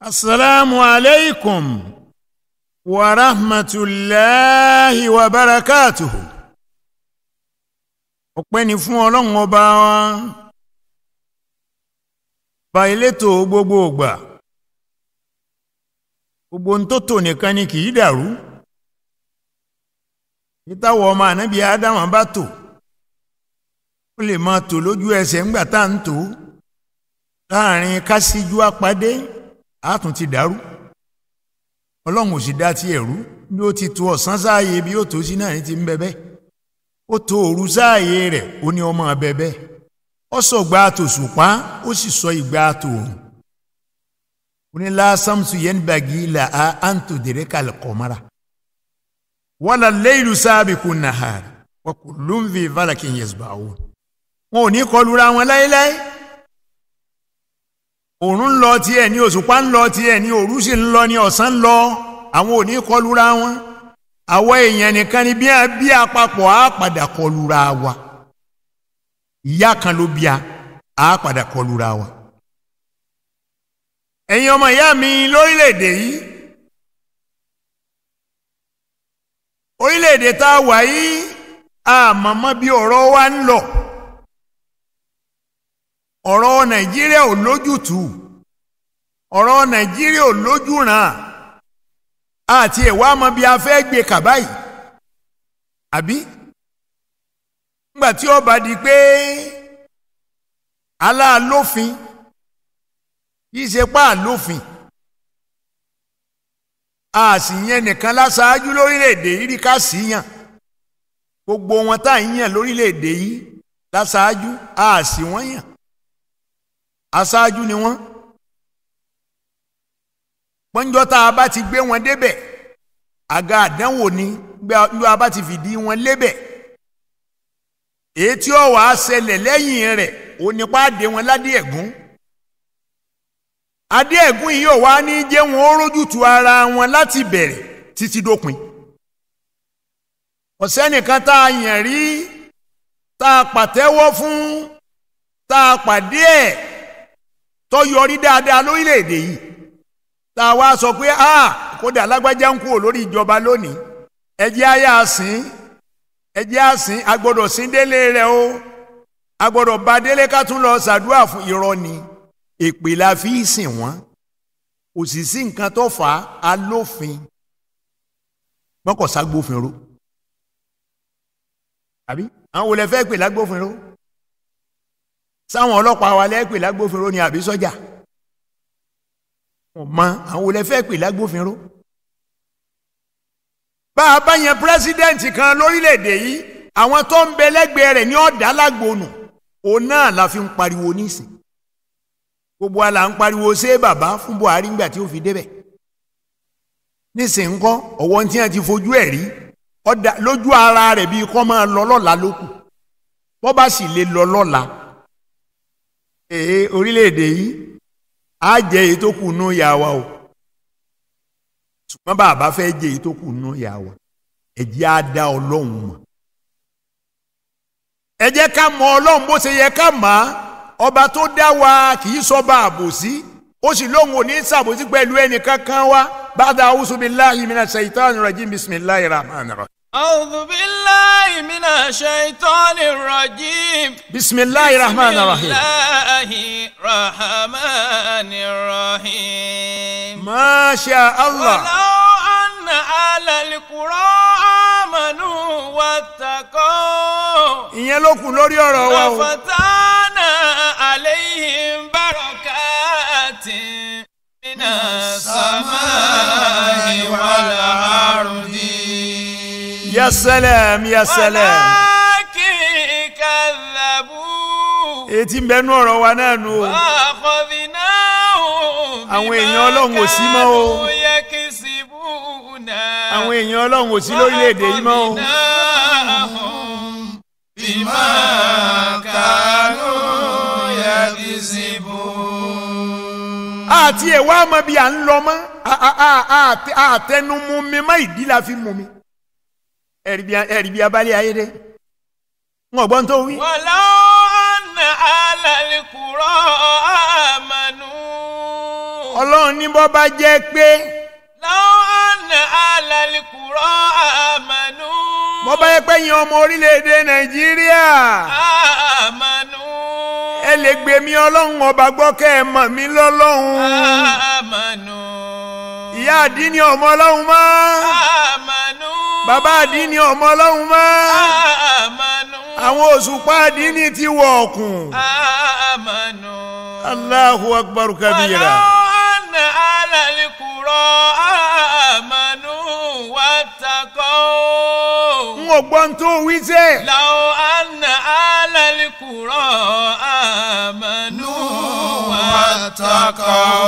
Asalaamu alaikum wa rahmatulahi wa barakatuhu. Ọpẹ́ ni fún Ọlọ́run ọba wa. Ba gbogbo ògbà. Gbogbo ń tó tò nìkan ni kì í dàrú. Nítawọ̀ ọmọ ànábì Ádámà bá tò. Ó lè máa tò a tún ti dàrú ọlọ́run ò sì dá bí ó ti tò ọ̀sán sáàyè bí ó tó sí náà ní ti ń bẹ̀bẹ̀ ó tò òru sáàyè rẹ̀ ó ní ọmọ bẹ̀bẹ̀ ó sọ ìgbà ó sì sọ ìgbà àtòòrùn ó Onye lásámsù yẹn bàgì là á àǹtò dèrè kalẹ̀ kọ̀mọ́ra wàlà lẹ́yìlú sáàbì kù wọ́n fi yẹn zùbà wọn ò òòrùn ń lọ tiẹ̀ ní òṣùpá ń lọ tiẹ̀ ní òru sì ń lọ ní ọ̀sán ń lọ àwọn ò wọn àwọn èèyàn nìkan ni bí àpapọ̀ á padà kọlura wa ìyá kan ló a á padà kọlura wa. ẹ̀yin ọmọ ìyá mi lórílẹ̀‐èdè yìí a wà yìí àmọ́mọ́ bí wa ń ọ̀rọ̀ nàìjíríà ò lójútùú ọ̀rọ̀ nàìjíríà ò àti ẹ̀wọ́ àmọ́ bí a fẹ́ gbé kà àbí nígbà tí di pé aláàlófin yìí ṣe àlófin, a sì yẹn nìkan láṣáájú lórílẹ̀‐èdè yìí ká sì yàn gbogbo wọn tá à ń yàn lórílẹ̀‐èdè yìí a sì wọ́n yàn aṣáájú ni wọ́n pọ́njọ́ tá a bá ti gbé wọn débẹ̀ àga àdánwò ni gbọ́ a bá ti fìdí wọn lébẹ̀ èyí tí ó wàá ṣẹlẹ̀ lẹ́yìn rẹ̀ ò ní pàdé wọn ládé ẹ̀gún adé ẹ̀gún yìí ò wá ní jẹ́ wọn ó rójútu ara wọn láti bẹ̀rẹ̀ títí dópin ọ̀sẹ́nìkan tá a yàn rí tá a pàtẹ́wọ́ fún tá a pàdé ẹ̀ tó yọrí dáadáa lórílẹ̀‐èdè yìí tá a wá sọ pé a kódà lágbájá ń kúrò lórí ìjọba lónìí ẹjẹ́ àyà sìn ẹjẹ́ àsìn agbọ́dọ̀ sìn délé rẹ̀ o agbọ́dọ̀ bá délé ká tún lọ ṣàdúrà fún irọ́ ni èpè la fi sìn wọ́n kò sì sí nǹkan tó fà á alófin mọ́kọ̀ọ́sá àbí àwọn olè fẹ́ pè lágbófinró sáwọn ọlọ́pàá wa lẹ́ẹ̀pẹ̀ lágbófinró ni àbí sọ́jà wọn mọ àwọn olẹ́fẹ́ pè lágbófinró bá a bá yẹn pírẹsidẹ́ǹtì kan lórílẹ̀‐èdè yìí àwọn tó ń bẹ lẹ́gbẹ̀ẹ́ rẹ̀ ní ọ̀dà lágbónù òun náà la fi ń pariwo nísìn gbogbo àlà ń pariwo ṣé bàbá fún Buhari ńgbà tí ó fi débẹ̀ nísìn ńkọ́ ọ̀wọ́ tí wọ́n ti fojú ẹ̀ rí lójú ara rẹ̀ bíi kọ́ máa lọ lọ́la lókù bọ́ bá sì lè lọ lọ́la èyí orílẹ̀-èdè yìí á jẹ èyí tó kù ìyá wa o ṣùgbọ́n bàbá fẹ́ jẹ èyí tó kù nú ìyá wa ẹ̀jẹ̀ á dá ọlọ́run mọ̀ ẹ ká ọba tó dá wa kì í sọba àbòsí ó sì lóun ni ní pẹ̀lú ẹnì kankan wa bàdà awúsùnmí láàyè rẹ̀ jí أعوذ بالله من الشيطان الرجيم بسم الله الرحمن الرحيم بسم الله الرحمن الرحيم ما شاء الله ولو أن أهل القرى آمنوا واتقوا ìyẹn عليهم بركات من السماء والأرض. يا سلام يا سلام ولكن كذبوا ètí mbẹ́nu ọ̀rọ̀ wa náà nù o àwọn èèyàn ọlọ́run ò sí mọ́ o àwọn èèyàn ọlọ́run ò sí lórílẹ̀‐èdè yìí mọ́ o. bímọ kánú yẹ kí síbò. àti ẹ̀wọ́ àmọ́ bíi à ń lọ mọ́ àtẹnumú mi má ìdí la fi mú mi ẹ̀rì bí abálé ayé dé wọn gbọ́n tó wí. wọ́n lọ ọ̀nà alàlùkùrọ̀ àmàlù. ọlọ́run ní bọ́ bá jẹ́ pé. lọ́wọ́ ọ̀nà alàlùkùrọ̀ àmàlù. bọ́ bá yẹ pé yín ọmọ orílẹ̀-èdè nàìjíríà. àmàlù. ẹ lè gbèmí ọlọ́run ọba gbọ́ kẹ́ ẹ mọ̀ mí lọ́lọ́run. àmàlù ìyá àdínní ọmọ ọlọ́run mọ́. àmànú. bàbá àdínní ọmọ ọlọ́run mọ́. àmànú. àwọn òṣùpá àdínní ti wọ̀ ọ̀kùn. àmànú. Allahu akbar kabira. ọlọ́run. أهل القرى آمنوا واتقوا n ò gbọ́ n tó wí sẹ́. لو أن أهل القرى آمنوا واتقوا.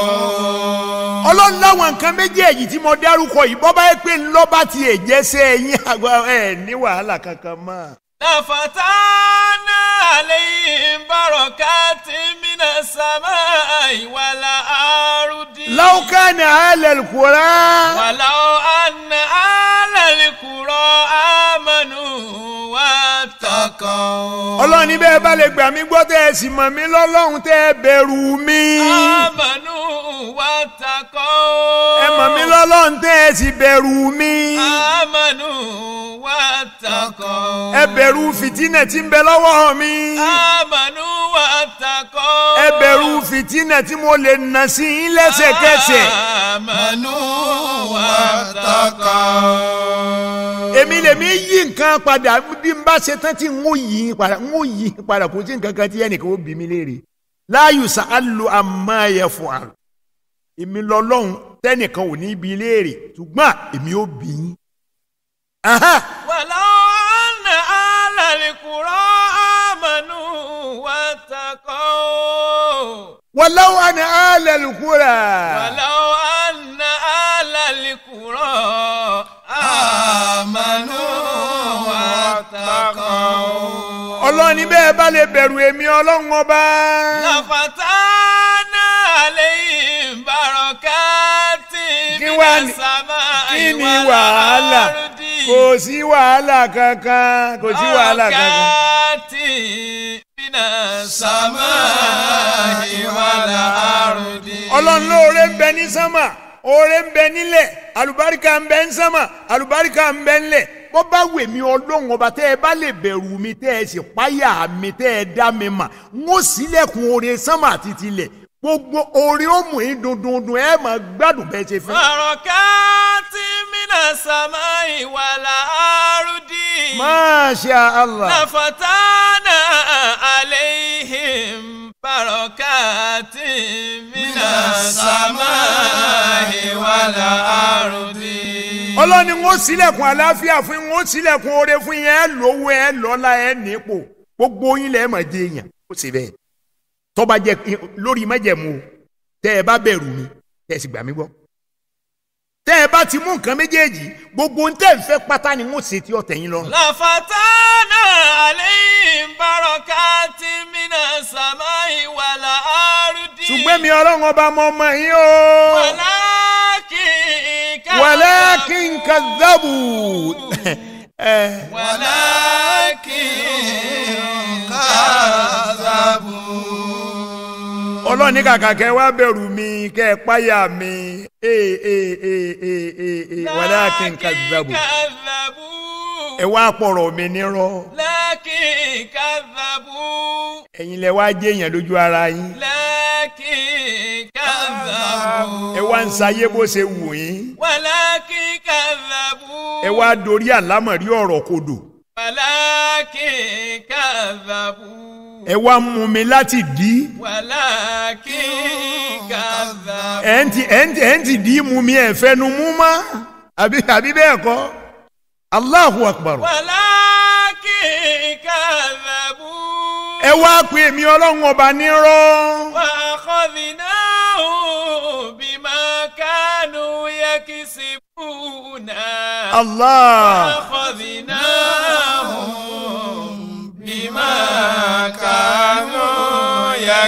ọlọ́run láwọn nǹkan méjì èyí tí mo dárúkọ yìí bọ́ bá yẹ pé ńlọ́ba ti èjẹ́ sẹ́yìn ẹ̀ ní wàhálà kankan mọ́. لفتحنا عليهم بركات من السماء ولا والأرض لو كان أهل القرى ولو أن أهل القرى آمنوا واتقوا ọlọ́ni bẹ́ẹ̀ bá lè gbà mí gbọ́ tẹ́ ẹ sì mọ̀ mí lọ́lọ́run tẹ́ ẹ bẹ̀rù mi. amanu wattaqu. ẹ mọ̀ mí lọ́lọ́run tẹ́ ẹ sì bẹ̀rù mi. amanu wà takọ. ẹ bẹ̀rù fìtínà tí ń bẹ lọ́wọ́ mi. àmàlù wà takọ. ẹ bẹ̀rù fìtínà tí mo lè nà sí yín lẹ́sẹ̀kẹsẹ̀. àmàlù wà takọ. èmi lèmi yí nǹkan padà bí n bá ṣe tán tí n ó yí padà n ó yí padà kò sí nǹkan kan tí ẹnìkan ó bí mi léèrè. láyù sàálù àmàyẹ̀fọ̀ àrùn èmi lọ́lọ́run tẹ́nìkan ò ní bí léèrè ṣùgbọ́n èmi ó bí yín. ولو أن أهل القرى آمنوا واتقوا ولو أن أهل القرى ولو أن أهل القرى آمنوا واتقوا ọlọ́run ní bẹ́ẹ̀ bá lè bẹ̀rù èmi ọlọ́run ọba. lọ́fàtà náà lè yìn bàrọ̀ káàtì bí sábà ìwà lọ́rùn kò sí wàhálà kankan kò sí wàhálà kankan. ọ̀gáàtì iná sàmà ìwàlà àròdì. ọlọ́run lóore ń bẹ ní sánmà oore ń bẹ nílẹ̀ àlùbáríkà ń bẹ ń sánmà àlùbáríkà ń bẹ nílẹ̀ bó bá wè mí ọlọ́run ọba tẹ́ ẹ bá lè bẹ̀rù mi tẹ́ ẹ sì páyà mi tẹ́ ẹ dá mi mà ń ó sílẹ̀kùn oore sánmà àti tilẹ̀ gbogbo oore ó mú yín dundun ẹ máa gbádùn bẹ́ẹ̀ ṣe fẹ́. ọ̀rọ̀ káà. السماء والأرض ما شاء الله لفتانا عليهم بركات من السماء والأرض ọlọ́ni ń ó sílẹ̀kùn àlàáfíà fún yín ń ó sílẹ̀kùn oore fún yín ẹ lówó ẹ lọ́lá ẹ nípò gbogbo yín lẹ́ẹ̀ máa jẹ èèyàn ó sì bẹ́ẹ̀ tọ́ba jẹ lórí májẹ̀mú tẹ́ ẹ bá bẹ̀rù mi tẹ́ ẹ sì gbà mí gbọ́ tẹ́ ẹ bá ti mú nǹkan méjèèjì gbogbo ń tẹ́ ń fẹ́ pátá ni wọ́n ṣe ti ọ̀tẹ̀ yín lọ́rùn. làfàtánà àlẹ́yìn bárọ̀ká ti mìíràn sàmá ìwà làárùdí. ṣùgbọ́n mi ọlọ́run ọba mọ ọmọ yín o. wàlákìn kàdábù. wàlákìn kàdábù ọlọ́run ní kàkà kẹ́ wá bẹ̀rù mi kẹ́ ẹ páyà mi ee ee ee ee ee ee walakin kadhabu ẹ wá pọ̀rọ̀ mi nírọ́. lakin kadhabu. ẹ̀yin lẹ wá jẹ́ èèyàn lójú ara yín. lakin kadhabu. ẹ wá ń sayé bó ṣe wù yín. walakin kadhabu. ẹ wá dorí àlámọ̀rí ọ̀rọ̀ kodò. walakin kadhabu ẹ wá mú mi láti dí. wàhálà kí kàdà. ẹ ń ti ẹ ń ti ẹ ń ti dí mú mi ẹ fẹnu mú mọ́ àbí àbí bẹ́ẹ̀ kọ́ Allahu Akbar. wàhálà kí kàdà bú. ẹ wá pé mi ọlọ́run ọba ní rọ́. wà á kọ́ mi náà ó bí máa kánú yẹ kí sí bùnà. Allah. wà á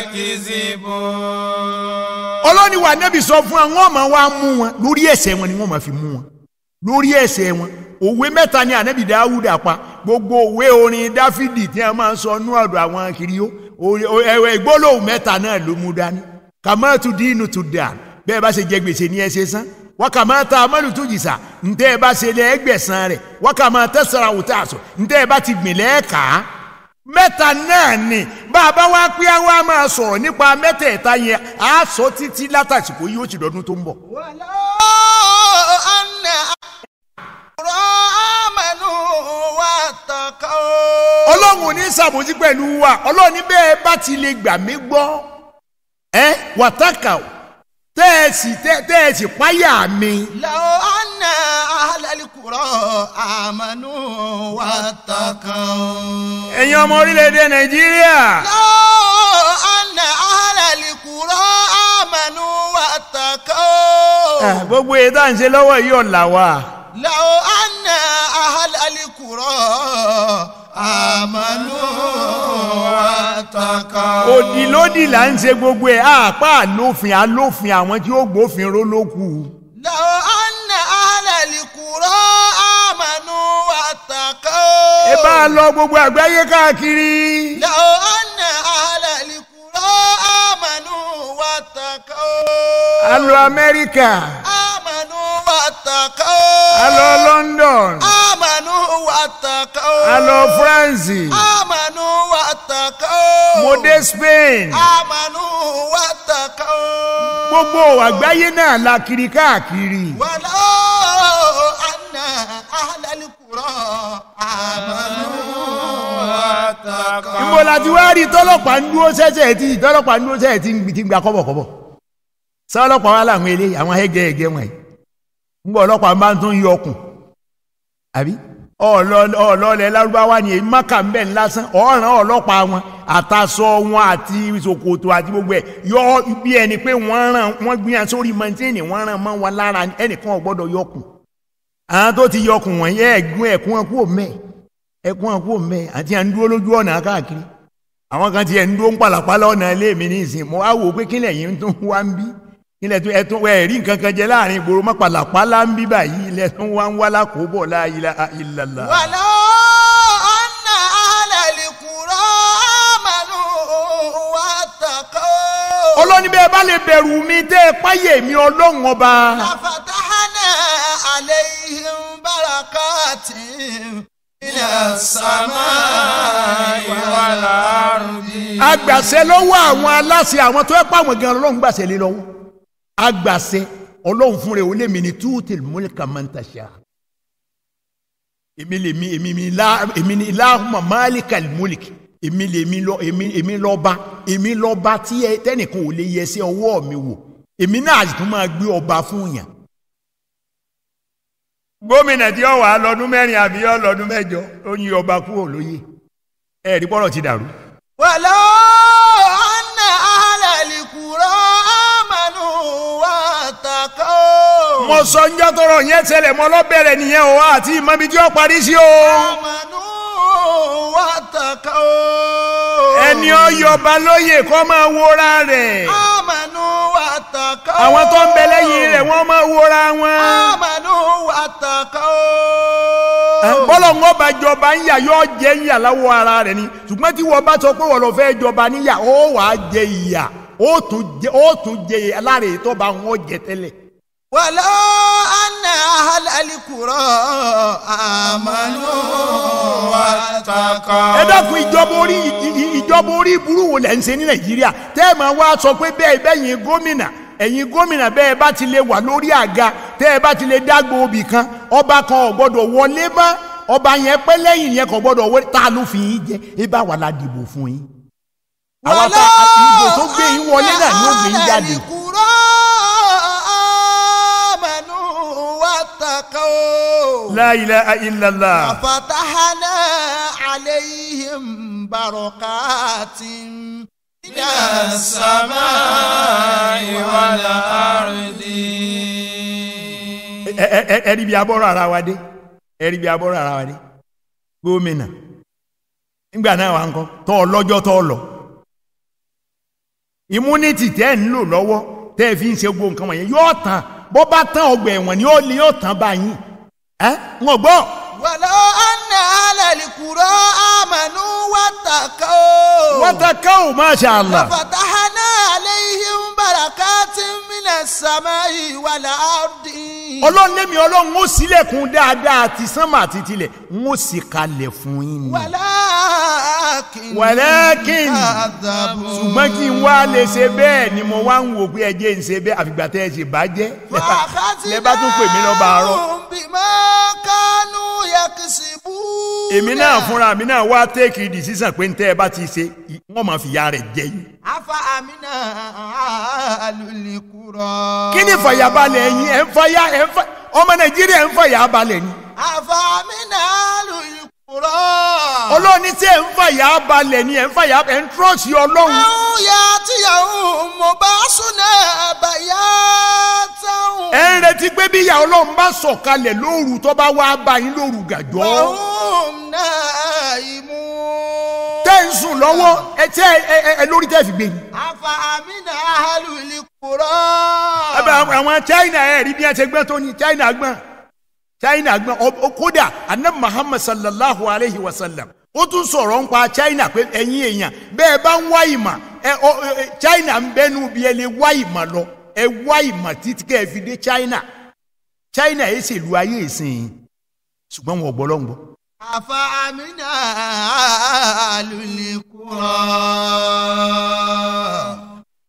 yakizibun. ọlọ́ni wa nẹ́bi sọ fún wa wọ́n máa wá mú wọn lórí ẹ̀ṣẹ̀ wọn ni wọ́n máa fi mú wọn lórí ẹ̀ṣẹ̀ wọn òwe mẹ́ta ni ànẹ́bi dáwúd àpa gbogbo òwe orin dáfídì tí a máa ń sọ nú ọ̀dọ̀ àwọn kiri ó ẹ̀wẹ̀ ìgbólóhùn mẹ́ta náà ló mú dání kàmáàtú dínú tó dà bẹ́ẹ̀ bá ṣe jẹ gbèsè ní ẹsẹ̀ sán wákàmáta amálùtú jìsà ntẹ́ ẹ bá ṣe lẹ́ẹ̀gbẹ̀sán rẹ̀ wákàmáta sara òtá àṣọ ntẹ́ ẹ bá ti gbìn lẹ́ẹ̀kàá mẹ́ta náà ni bá a bá wá pé àwa máa sọ̀rọ̀ nípa mẹ́tẹ̀ẹ̀ta yẹn a sọ títí látàsìkò yóò ti dọ̀dún tó ń bọ̀. wàlá ọ̀nà àkùrọ̀ àmàlù wà tọkọ. ọlọ́run ní sàbòsí pẹ̀lú wa ọlọ́run ní bẹ́ẹ̀ bá ti lè gbà mí gbọ́ ẹ wàtákà o tẹ́ẹ̀sì tẹ́ẹ̀sì páyà mi. làwọn àna alálìkùrọ̀ àmàlù wà tọkàn. ẹ̀yin ọmọ orílẹ̀-èdè nàìjíríà. làwọn àna alálìkùrọ̀ àmàlù wà tọkàn. gbogbo èyí tá à ń ṣe lọ́wọ́ yìí ọ̀la wa. làwọn àna alálìkùrọ̀ àmàlù òdì lódì là ń ṣe gbogbo ẹ̀ àpá ah, àlófin àlófin àwọn tí ó gbófin ró ló kù. àmàlù àtàkọ́. ẹ bá a lọ gbogbo àgbáyé káàkiri. lọ́wọ́ àná àmàlù àtàkọ́. a lọ amẹ́ríkà. àmàlù àtàkọ́. a lọ london. àmàlù àtàkọ́. a lọ france. àmàlù àtàkọ́. mode Spain. gbogbo àgbáyé náà la kiri káàkiri. wàlá àná àlàlùkùrọ̀ àmàlù wà tàkà ó. ìmọ̀ wá rí tọ́lọ́pàá ń dúró sẹ́sẹ̀ tí tọ́lọ́pàá ń dúró sẹ́sẹ̀ tí ń kọ́bọ̀kọ́bọ̀ àwọn ẹgẹ ẹgẹ ń bá ń tún yọ ọlọ́ọ̀lẹ́ lárúbáwá ni èyí mọ́kà ń bẹ̀ lásán ọ̀ràn ọlọ́pàá wọn àtàsọ wọn àti ṣòkòtò àti gbogbo ẹ yọ bí ẹni pé wọ́n ràn wọ́n gbìyàn sórí mọ́ntínì n ràn mọ́ wọn lára ẹnìkan ò yọkùn àwọn tó yọkùn ilẹ̀ tó ẹ̀tún ẹ̀rí nǹkan kan jẹ láàrin ìgboro mọ́ pàlàpàlà ń bíbà yìí ilẹ̀ tó wá ń wá lákòóbọ̀ la ilaha illallah. wàlọ́ ọ̀nà àlàlì kúrọ́ àmàlù wà tàkọ́. ọlọ́ni bẹ́ẹ̀ bá lè bẹ̀rù mi tẹ́ ẹ páyè mi ọlọ́run ọba. àfàtàhánà àlẹ́ ihun bàràkà tì ilẹ̀ sàmà ìwà làárùn bí. àgbàṣe lọ́wọ́ àwọn aláṣẹ àwọn tó ẹ pa gan-an lọ́run gbàṣẹ lé lọ́wọ́ agbàṣe ọlọ́run fún rẹ̀ ó lé mi ní túùtì múlẹ̀kà máa ń èmi lèmi èmi mi lá èmi ni láhùnmá máàlíkà múlìkì èmi lèmi lọ èmi èmi lọ́ba èmi lọ́ba tí ẹ tẹ́nìkan ò lè yẹsẹ̀ ọwọ́ mi wò èmi náà tún máa gbé ọba fún yàn. gómìnà tí ó wà á lọ́dún mẹ́rin àbí ó lọ́dún mẹ́jọ ó yin ọba kúrò lóyè ẹ̀ẹ́dì ti dàrú. wàlọ́ọ̀. mo sọ ń jọ́ tọrọ yẹn ṣẹlẹ̀ mọ́ lọ́bẹ̀rẹ̀ nìyẹn o àti ìmọ̀bi tí ó parí sí o. àmàlú o. ẹni ọyọba lóye kó máa wóra rẹ̀. àmàlú o. àwọn tó ń bẹ lẹ́yìn rẹ̀ wọ́n máa wóra wọn. bọ́lọ̀ ń ọba jọba ń yà yọ jẹ́ ń yà láwọ̀ ara rẹ̀ ni ṣùgbọ́n tí wọ́n bá sọ pé wọ́n lọ fẹ́ jọba níyà ó wàá jẹ ìyà ó tún jẹ aláàrẹ̀ tó bá wọn jẹ tẹ́lẹ̀. ولو أن أهل القرى آمنوا واتقوا. ẹ dọ́kun ìjọba orí ìjọba orí burú wo lẹ́ ń ṣe ní nàìjíríà tẹ́ máa wá sọ pé bẹ́ẹ̀ bẹ́ẹ̀ yín gómìnà ẹ̀yin gómìnà bẹ́ẹ̀ bá ti lè wà lórí àga tẹ́ bá ti lè obì kan ọba kan ò wọlé mọ́ ọba yẹn pẹ́ lẹ́yìn yẹn kò gbọ́dọ̀ wọlé a ló fi jẹ ẹ wà ládìbò fún yín. àwọn àti la ilaha illallah. afatahana alayhim barokatin. ila samai wal ardi ẹ̀rí bí abọ́rọ̀ ara wa dé ẹ̀rí bí abọ́rọ̀ ara wa dé gómìnà nígbà náà wà ń kọ́ tọ́ ọ lọ́jọ́ tọ́ ọ lọ. immunity tẹ́ ẹ̀ ń lò lọ́wọ́ tẹ́ ẹ fi ń ṣe gbogbo nǹkan wọ̀nyẹn yóò tán bọ́ bá tán ọgbà ẹ̀wọ̀n ni yóò tán báyìí. ẹ n ò gbọ́. wàlọ́ àná àlàlì kúrọ́ àmàlú wàtàkọ́. wàtàkọ́ masha Allah. lọ́fàtà hànà àlẹ́ yìí ń bàràkàtì mílẹ̀ sàmà ìwà làádì. ọlọ́run lẹ́mi ọlọ́run ó sílẹ̀kùn dáadáa àti sánmà àti tilẹ̀ ń ó sì kalẹ̀ fún yín ni. wàlákìn wàlákìn ṣùgbọ́n kí n wá lè ṣe bẹ́ẹ̀ ni mo wá ń wò pé ẹjẹ́ ń ṣe bẹ́ẹ̀ àfìgbà tẹ́ ẹ ṣe bàjẹ́ lẹ́bàá tó pè mí lọ́ba àárọ̀. èmi náà fúnra mi náà wá tẹ́kì dì sísàn pé ń tẹ́ ẹ bá ti ṣe wọ́n máa fi ya rẹ̀ jẹ yín. afa amina alulikura. kí ni fàyàbalẹ̀ yín ẹ̀ ń fàyà ẹ̀ ń fà ọmọ nàìjíríà ẹ̀ ń fàyàbalẹ̀ ni. àfàmìnà alulikura. ọlọ́run tí ẹ̀ ń fàyàbalẹ̀ ni ẹ̀ ń fàyà ẹ̀ ń trọ́ọ̀sì ọlọ́run. àwọn ya tíyàwó mo bá súná àbáyá táwọn. ẹ ń retí pé bí ìyá ọlọ́run bá sọ̀kalẹ̀ lóru tó bá wá bá yín lóru gàjọ́. àwọn náà ìmú. tẹ́ ń sùn lọ́wọ́ ẹ tí ẹ lórí tẹ́ fi gbé yìí. kúrọ́. àwọn China ẹ rí bí ẹ China gbọ́n China gbọ́n kódà anabi Muhammad sallallahu alayhi wa sallam ó tún sọ̀rọ̀ ń pa China pé ẹ̀yin èèyàn bẹ́ẹ̀ bá ń wá ìmọ̀ China ń bẹ́nu bí ẹ lè wá ìmọ̀ lọ ẹ wá ìmọ̀ títí kẹ́ ẹ fi dé China China ẹ ṣèlú ayé ìsìn أفأمن أهل القرى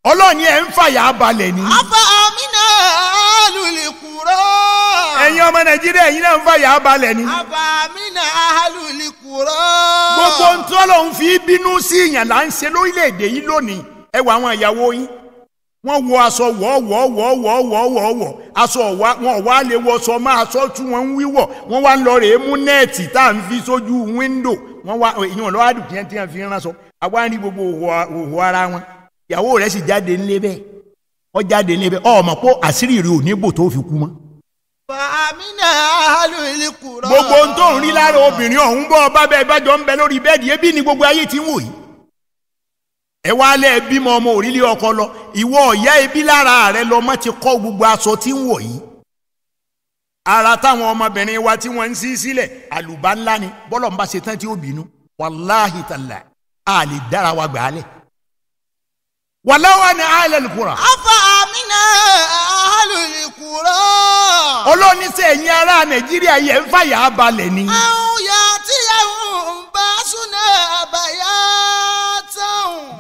ọlọ́run ni ẹ̀ ń fàyà balẹ̀ ni. amina ẹ̀yin ọmọ nàìjíríà ẹ̀yin náà ń fàyà balẹ̀ ni. afa amina gbogbo ntọ́lọ́ ń fi bínú sí ìyàn ń ṣe lórílẹ̀‐èdè yìí lónìí ẹ àwọn ìyàwó yín wọ́n wọ aṣọ wọ́ọ̀wọ́ọ̀wọ́ọ̀wọ́ọ̀wọ́ aṣọ wọn wá lè wọ sọ máa aṣọ tún wọn ń wíwọ̀ wọ́n wá ń lọ rèé mú nẹ́ẹ̀tì tá à ń fi sójú wíńdò wọ́n wá ìyọ̀n lọ́wọ́ àdùnkí ẹni tí wọ́n fi ń ránṣọ àwa ń rí gbogbo òhò ara wọn ìyàwó rẹ̀ sì jáde ńlé bẹ́ẹ̀ ó jáde ńlé bẹ́ẹ̀ ọmọ pé àṣírí rẹ̀ ò ní bò tó fi kú mọ́. fàmínà alùpùpù rọ. gbogbo ohun tó ń rí lára obìnrin ọ̀hún bọ́ ọ ẹ wá lẹ bímọ ọmọ òrílé ọkọ lọ ìwọ ọ̀yá ẹbí lára rẹ lọmọ ti kọ́ gbogbo aṣọ tí ń wọ̀ yìí ara táwọn ọmọbìnrin wa tí wọ́n ń sí sílẹ̀ àlùbá ńlá ni bọ́lọ̀ ń bá ṣe tán tí ó bínú wàláhì tàlà a lè dára wa gbà á lẹ̀ wàláwà ni àlẹ́ lùkùrà. afa amina àlẹ́ lùkùrà. olóòní sẹ́ ẹ̀yin ará nàìjíríà yẹn ń fàyà balẹ̀ ni. àwọn yàtí yẹn ń bá súnà àbáyé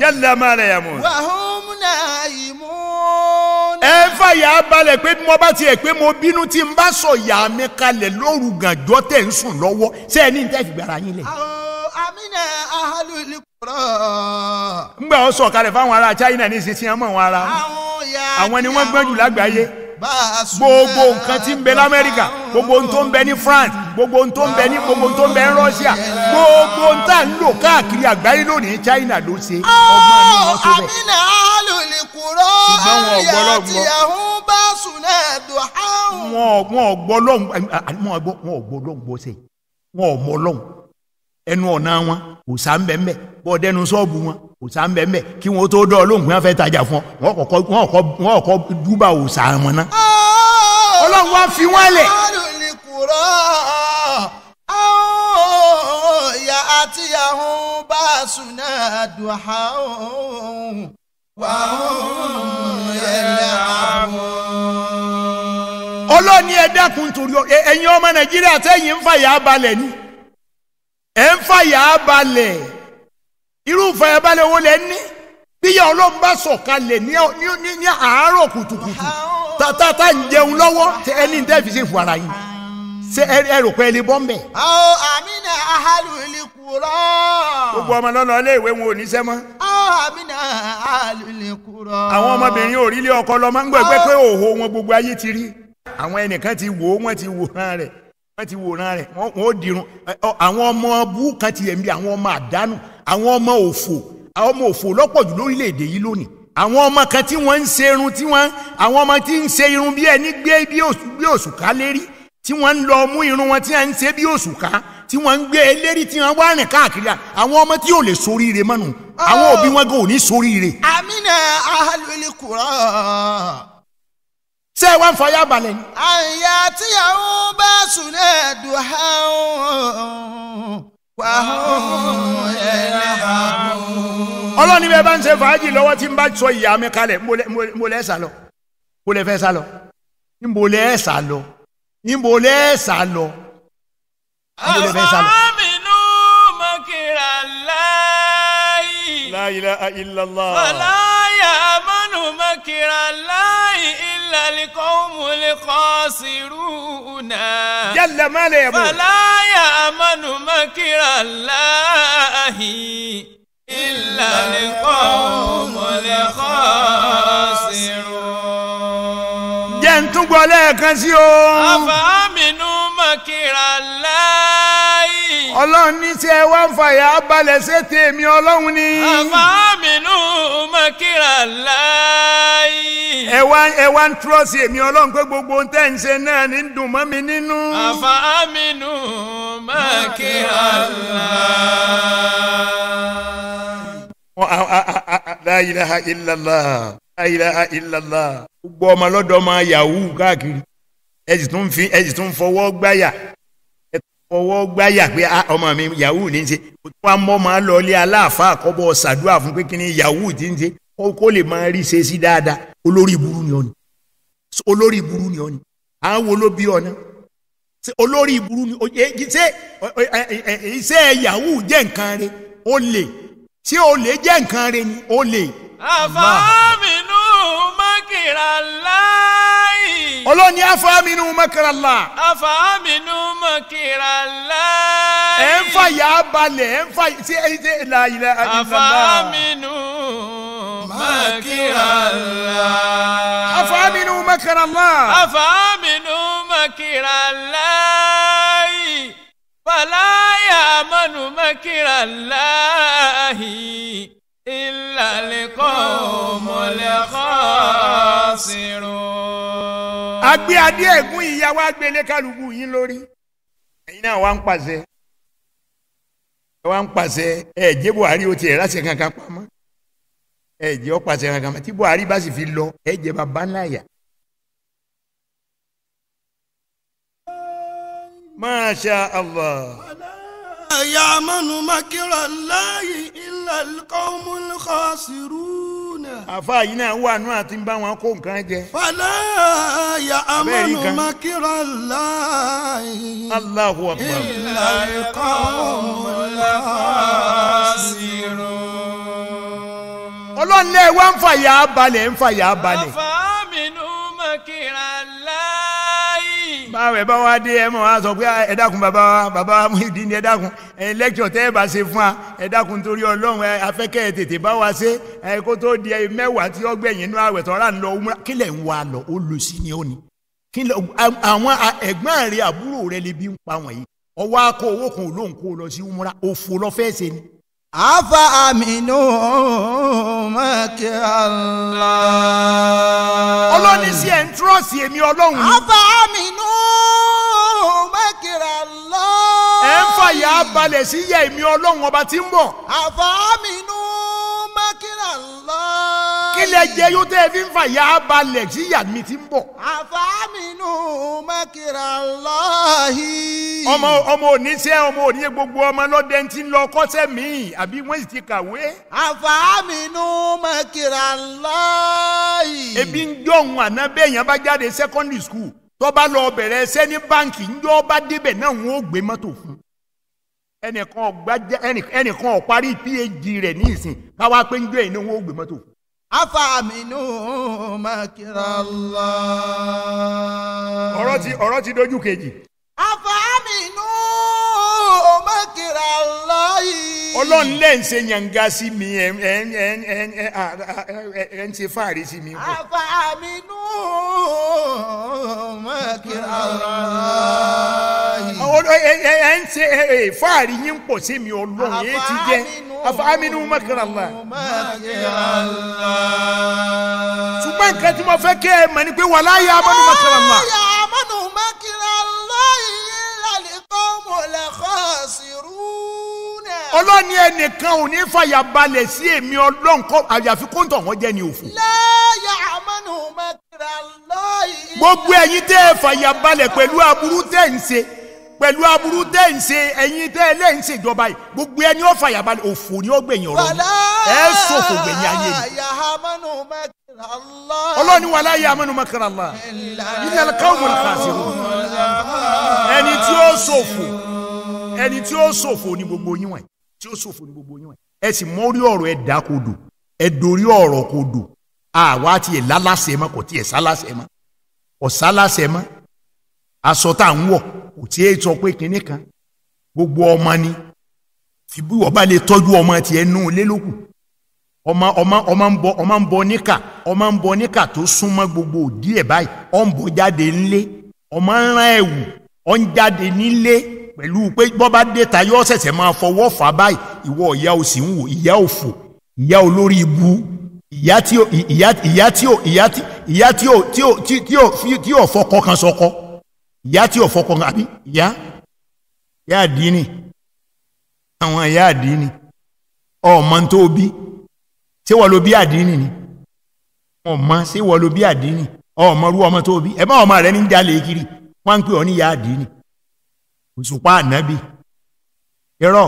jalla ma la yamun. wa hum naimun. ẹ fà yà á balẹ̀ pé mo bá tiẹ̀ pé mo bínú tí n bá sọ yà á mi kalẹ̀ lóru gànjọ́ tẹ̀ ń sùn lọ́wọ́ sẹ́yìn ní ìtẹ́fìgbàrà yín lẹ̀. àwọn amina ahalu. mgbe ọsọ sọ̀kalẹ̀ fáwọn ará China ní ìsinsìnyí ọmọ wọn ara àwọn ni wọn gbogbo nǹkan ń gbogbo tó ń France gbogbo ohun tó ń gbogbo tó ń gbogbo tá ń lò káàkiri àgbáyé lónìí China ló ṣe ọgbọ́n ní wọ́n tó àyà wọn ò gbọ́ wọn ò gbọ́ ẹnu ọ̀nà wọn kò sá ń bẹ̀ ń bẹ̀ bọ́ọ̀ dẹnu sọ́ọ̀bù wọn kò sá ń kí wọ́n tó dọ́ ọlọ́hùn wọn fẹ́ tajà fún sá wọn ná. ọlọ́run fi wọ́n lẹ̀. ọ̀ọ́yà ẹ̀yin ọmọ nàìjíríà tẹ́yìn ń fàyà balẹ̀ ni. ẹ̀ ń fàyà balẹ̀ irú fàyà balẹ̀ wo lẹ ní bíyà ọlọ́run bá sọ̀kalẹ̀ ní àárọ̀ kùtùkùtù tata ta ń jẹun lọ́wọ́ ẹni fi ara ṣe ẹ rò pé ẹ lè bọ́ mbẹ́. àwọn gbogbo ọmọ lọ́nà ilé ìwé wọn ò níṣẹ́ mọ́. àwọn àmìnà ahalùlì kúrọ́. àwọn ọmọbìnrin ò ọkọ lọ máa ń pé òhò wọn gbogbo ayé ti rí àwọn ẹnìkan ti wò ó ti wò hàn rẹ̀ wọ́n ti wòran rẹ̀ wọ́n ó dirun àwọn ọmọ bú kan ti yẹ̀ ń àwọn ọmọ àdánù àwọn ọmọ òfò àwọn ọmọ òfò lọ́pọ̀jù lórílẹ̀‐èdè yìí lónìí àwọn ọmọ kan tí wọ́n ń ṣe irun tí wọ́n àwọn ọmọ tí ń ṣe irun bí ẹni gbé bí òṣùká lérí tí wọ́n ń lọ mú irun wọn tí wọ́n ń ṣe bí òṣùká tí wọ́n ń gbé eléri tí wọ́n wá rìn káàkiri àwọn ọmọ tí yóò lè soríire mọ́nu àwọn oh. òbí wọn gan ní soríire. àmì sẹ wọn fọ ya balẹ. àyà tíyàwó bá sùn náà dùn áhùn wàhùn ẹ̀rẹ̀ àbùn. ọlọ́ni bẹ́ẹ̀ bá ń ṣe fàájì lọ́wọ́ tí ń bá sọ ìyá mi kalẹ̀ mo lẹ́ sà lọ mo lẹ́ fẹ́ sà lọ ń bo sà lọ ń bo sà lọ ń fẹ́ sà lọ. àfọ̀mìnú mọ̀kìrà láàyè. láyé ilàlá. fàlàyé àmọ́nù mọ̀kìrà láàyè. القوم الخاسرون جل ما فلا يأمن مكر الله إلا القوم الخاسرون jẹ́ ń tún gbọ́ lẹ́ẹ̀kan sí o. àfàmìnú mọ̀kìrà láàyè. ọlọ́run ní tí ẹ wá ń fàyà balẹ̀ ṣe tèmi ọlọ́run ni. àfàmìnú mọ̀kìrà láàyè. yìí. ẹ wá ẹ wá ń èmi ọlọ́run gbogbo ohun tẹ́ ń ṣe náà ní dùn mọ́ mi nínú. àfa aminu mákì Allah. la ilaha illallah la ilaha gbogbo ọmọ lọ́dọ̀ ọmọ yahoo káàkiri tún fi tún ọmọ mi yahoo ní í ṣe kó mọ́ máa lọ yahoo ti ń kó lè máa rí ṣe sí dáadáa olórí burú ni ọ̀nì olórí burú ni ọ̀nì à ń wo ló bí ọ̀nà olórí burú ni ṣé iṣẹ́ yahoo jẹ́ nǹkan rẹ̀ ó lè ṣé o lè jẹ́ nǹkan rẹ̀ ni ó lè. àfàmìnú mọ́kìrà láì. olóòní àfàmìnú mọ́kìrà là. àfàmìnú mọ́kìrà láì. ẹ̀ ń fàyà balẹ̀ ẹ̀ ń fàyà ṣé ẹ̀ ṣe là ilẹ̀ àdìsọ́lá. àfàmìnú مكر الله أفأمنوا مكر الله أفأمنوا مكر الله فلا يأمن مكر الله إلا القوم الخاسرون agbe adé ègún ìyá wa gbélé kálukú yín lórí náà wá ń pàṣẹ wá ń pàṣẹ ẹ jẹ́ Buhari ó tiẹ̀ láṣẹ kankan pamọ́ ẹ jẹ́ ọ̀pàṣẹ kankan tí Buhari bá sì fi lọ ẹ jẹ́ bàbá náyà. Masha Allah. yàmánu makira láàyè ilà kọ́mú khasiruna. àfa yìí náà wà nù àti bá wọn kó nǹkan jẹ. fàlà yàmánu makira láàyè. Allahu akbar. ilà kọ́mú khasiruna ọlọ́run lé wá ń fàyà balẹ̀ ń fàyà balẹ̀. ọ̀fà mi nù mọ̀ kíra láàyè. báwo ẹ bá wá dé ẹ mọ̀ wá sọ pé ẹ dákun bàbá wa bàbá wa Muyideen ni ẹ dákun ẹ lẹ́kítọ̀ tẹ́ ẹ bá ṣe fún wa ẹ dákun torí ọlọ́run afẹ́kẹ́ ẹ tètè bá wa ṣe ẹ kó tó di ẹ mẹ́wàá tí ó gbẹ̀yìn inú àwẹ̀ tọ́ra ń lọ umra kílẹ̀ ń wa lọ ó lò sí ni ó ní kílẹ̀ àwọn ẹ̀gbọ́n rẹ àbúrò rẹ lè bí ń pa wọ̀nyí ọwọ́ akọ owó kan olóhùn kó lọ sí umra òfò lọ fẹ́ ṣe ni afa aminu maki Allah. ọlọ́ni sí ẹ̀ ń tírọ̀sì èmi ọlọ́run. afa aminu maki Allah. ẹ ń fàyà balẹ̀ sí yẹ èmi ọlọ́run ọba tí ń bọ̀. afa aminu. lẹ jẹ yóò tẹ́ ẹ fi ń fà yà á balẹ̀ sí ìyá mi ti ń bọ̀. àfàmìnú ọmọ ọmọ ọmọ gbogbo ọmọ lọ́dẹ ti ń lọ kọsẹ mi àbí wọ́n sì ti kàwé. àfàmìnú mẹ́kìrà lọ́hì. ebi ń jọ̀hún àná bẹ́ẹ̀ yẹn bá jáde secondary school tó bá lọ bẹ̀rẹ̀ ẹsẹ́ ní báǹkì ń bá débẹ̀ náà gbé mọ́tò fún ẹnìkan ọ̀parí phd rẹ̀ ní ìsìn afaminu makirala. ọ̀rọ̀ ti ọ̀rọ̀ ti dojú kejì. ọlọ́run lẹ́ ń ṣe yànga sí mi ẹ̀ ẹ̀ ẹ̀ ẹ̀ ẹ̀ ẹ̀ ń ṣe fáàrí sí mi. afa aminu makira ọlọ́run ẹ̀ ẹ̀ ń ṣe fáàrí yín pọ̀ sí mi ọlọ́run yẹn ti jẹ́ afa aminu makira la. ṣùgbọ́n nǹkan tí mo fẹ́ kẹ́ ẹ mọ̀ ni pé wàlá yà á mọ̀ ní makira la. wàlá lálẹ́ kọ́ mọ̀ sí rú ọlọ́run ni ẹnìkan ò ní fàyà balẹ̀ sí èmi ọlọ́run kọ́ àyàfi kó ń tọ̀ wọ́n jẹ́ ni òfò. lẹ́yà àmọ́nù mẹ́kìrà lọ́yìí. gbogbo ẹ̀yin tẹ́ ẹ fàyà balẹ̀ pẹ̀lú aburú tẹ́ ń ṣe pẹ̀lú aburú tẹ́ ń ṣe ẹ̀yin tẹ́ ẹ lẹ́ ń ṣe ìjọba yìí gbogbo ẹni ó fàyà balẹ̀ òfò ni ó gbẹ̀yìn ọ̀rọ̀ ẹ ṣòfò gbẹ̀yìn ayé ni. ọlọ́run ni wàlá yà àmọ́nù mẹ́kìrà lọ́yìí. ẹni tí ó ṣòfò ní gbogbo yín wọ̀nyí tí ó ṣòfò gbogbo yín ẹ sì mọ orí ọ̀rọ̀ ẹ dá dò ẹ dorí ọ̀rọ̀ kodò àwa tiẹ̀ lálàsẹ̀ mọ́ kò tiẹ̀ sálàsẹ̀ mọ́ mọ́ aṣọ tá kò tiẹ̀ sọ pé kinní kan gbogbo ọmọ ni ọba lè ọmọ tiẹ̀ nù lélókù ọmọ ọmọ ọmọ ọmọ ń bọ níkà ọmọ ń bọ níkà gbogbo ẹ̀ báyìí ọ̀ ń bọ jáde ọ̀ ń jáde nílé pẹ̀lú pé bọ́ba déta yọ ṣẹ̀ṣẹ̀ máa fọwọ́ fà báyìí ìwọ ìyá ò sì ń wò ìyá òfò ìyá olórí ibu ìyá tí ò ìyá ìyá tí ò ìyá tí ìyá tí ò tí ò tí ò tí ò fọkọ kan sọkọ ìyá tí ò fọkọ kan àbí ìyá ìyá àdínì àwọn ìyá àdínì ọmọ tó bí ṣé wọ́n lo bí àdínì ni ọmọ ṣé wọ́n lo bí àdínì ọmọ rú ọmọ tó bí ẹ bá ọmọ rẹ ní jalè kiri wọ́n ń pè ọ́ ní yáàdì ni òṣùpá ànábì irọ́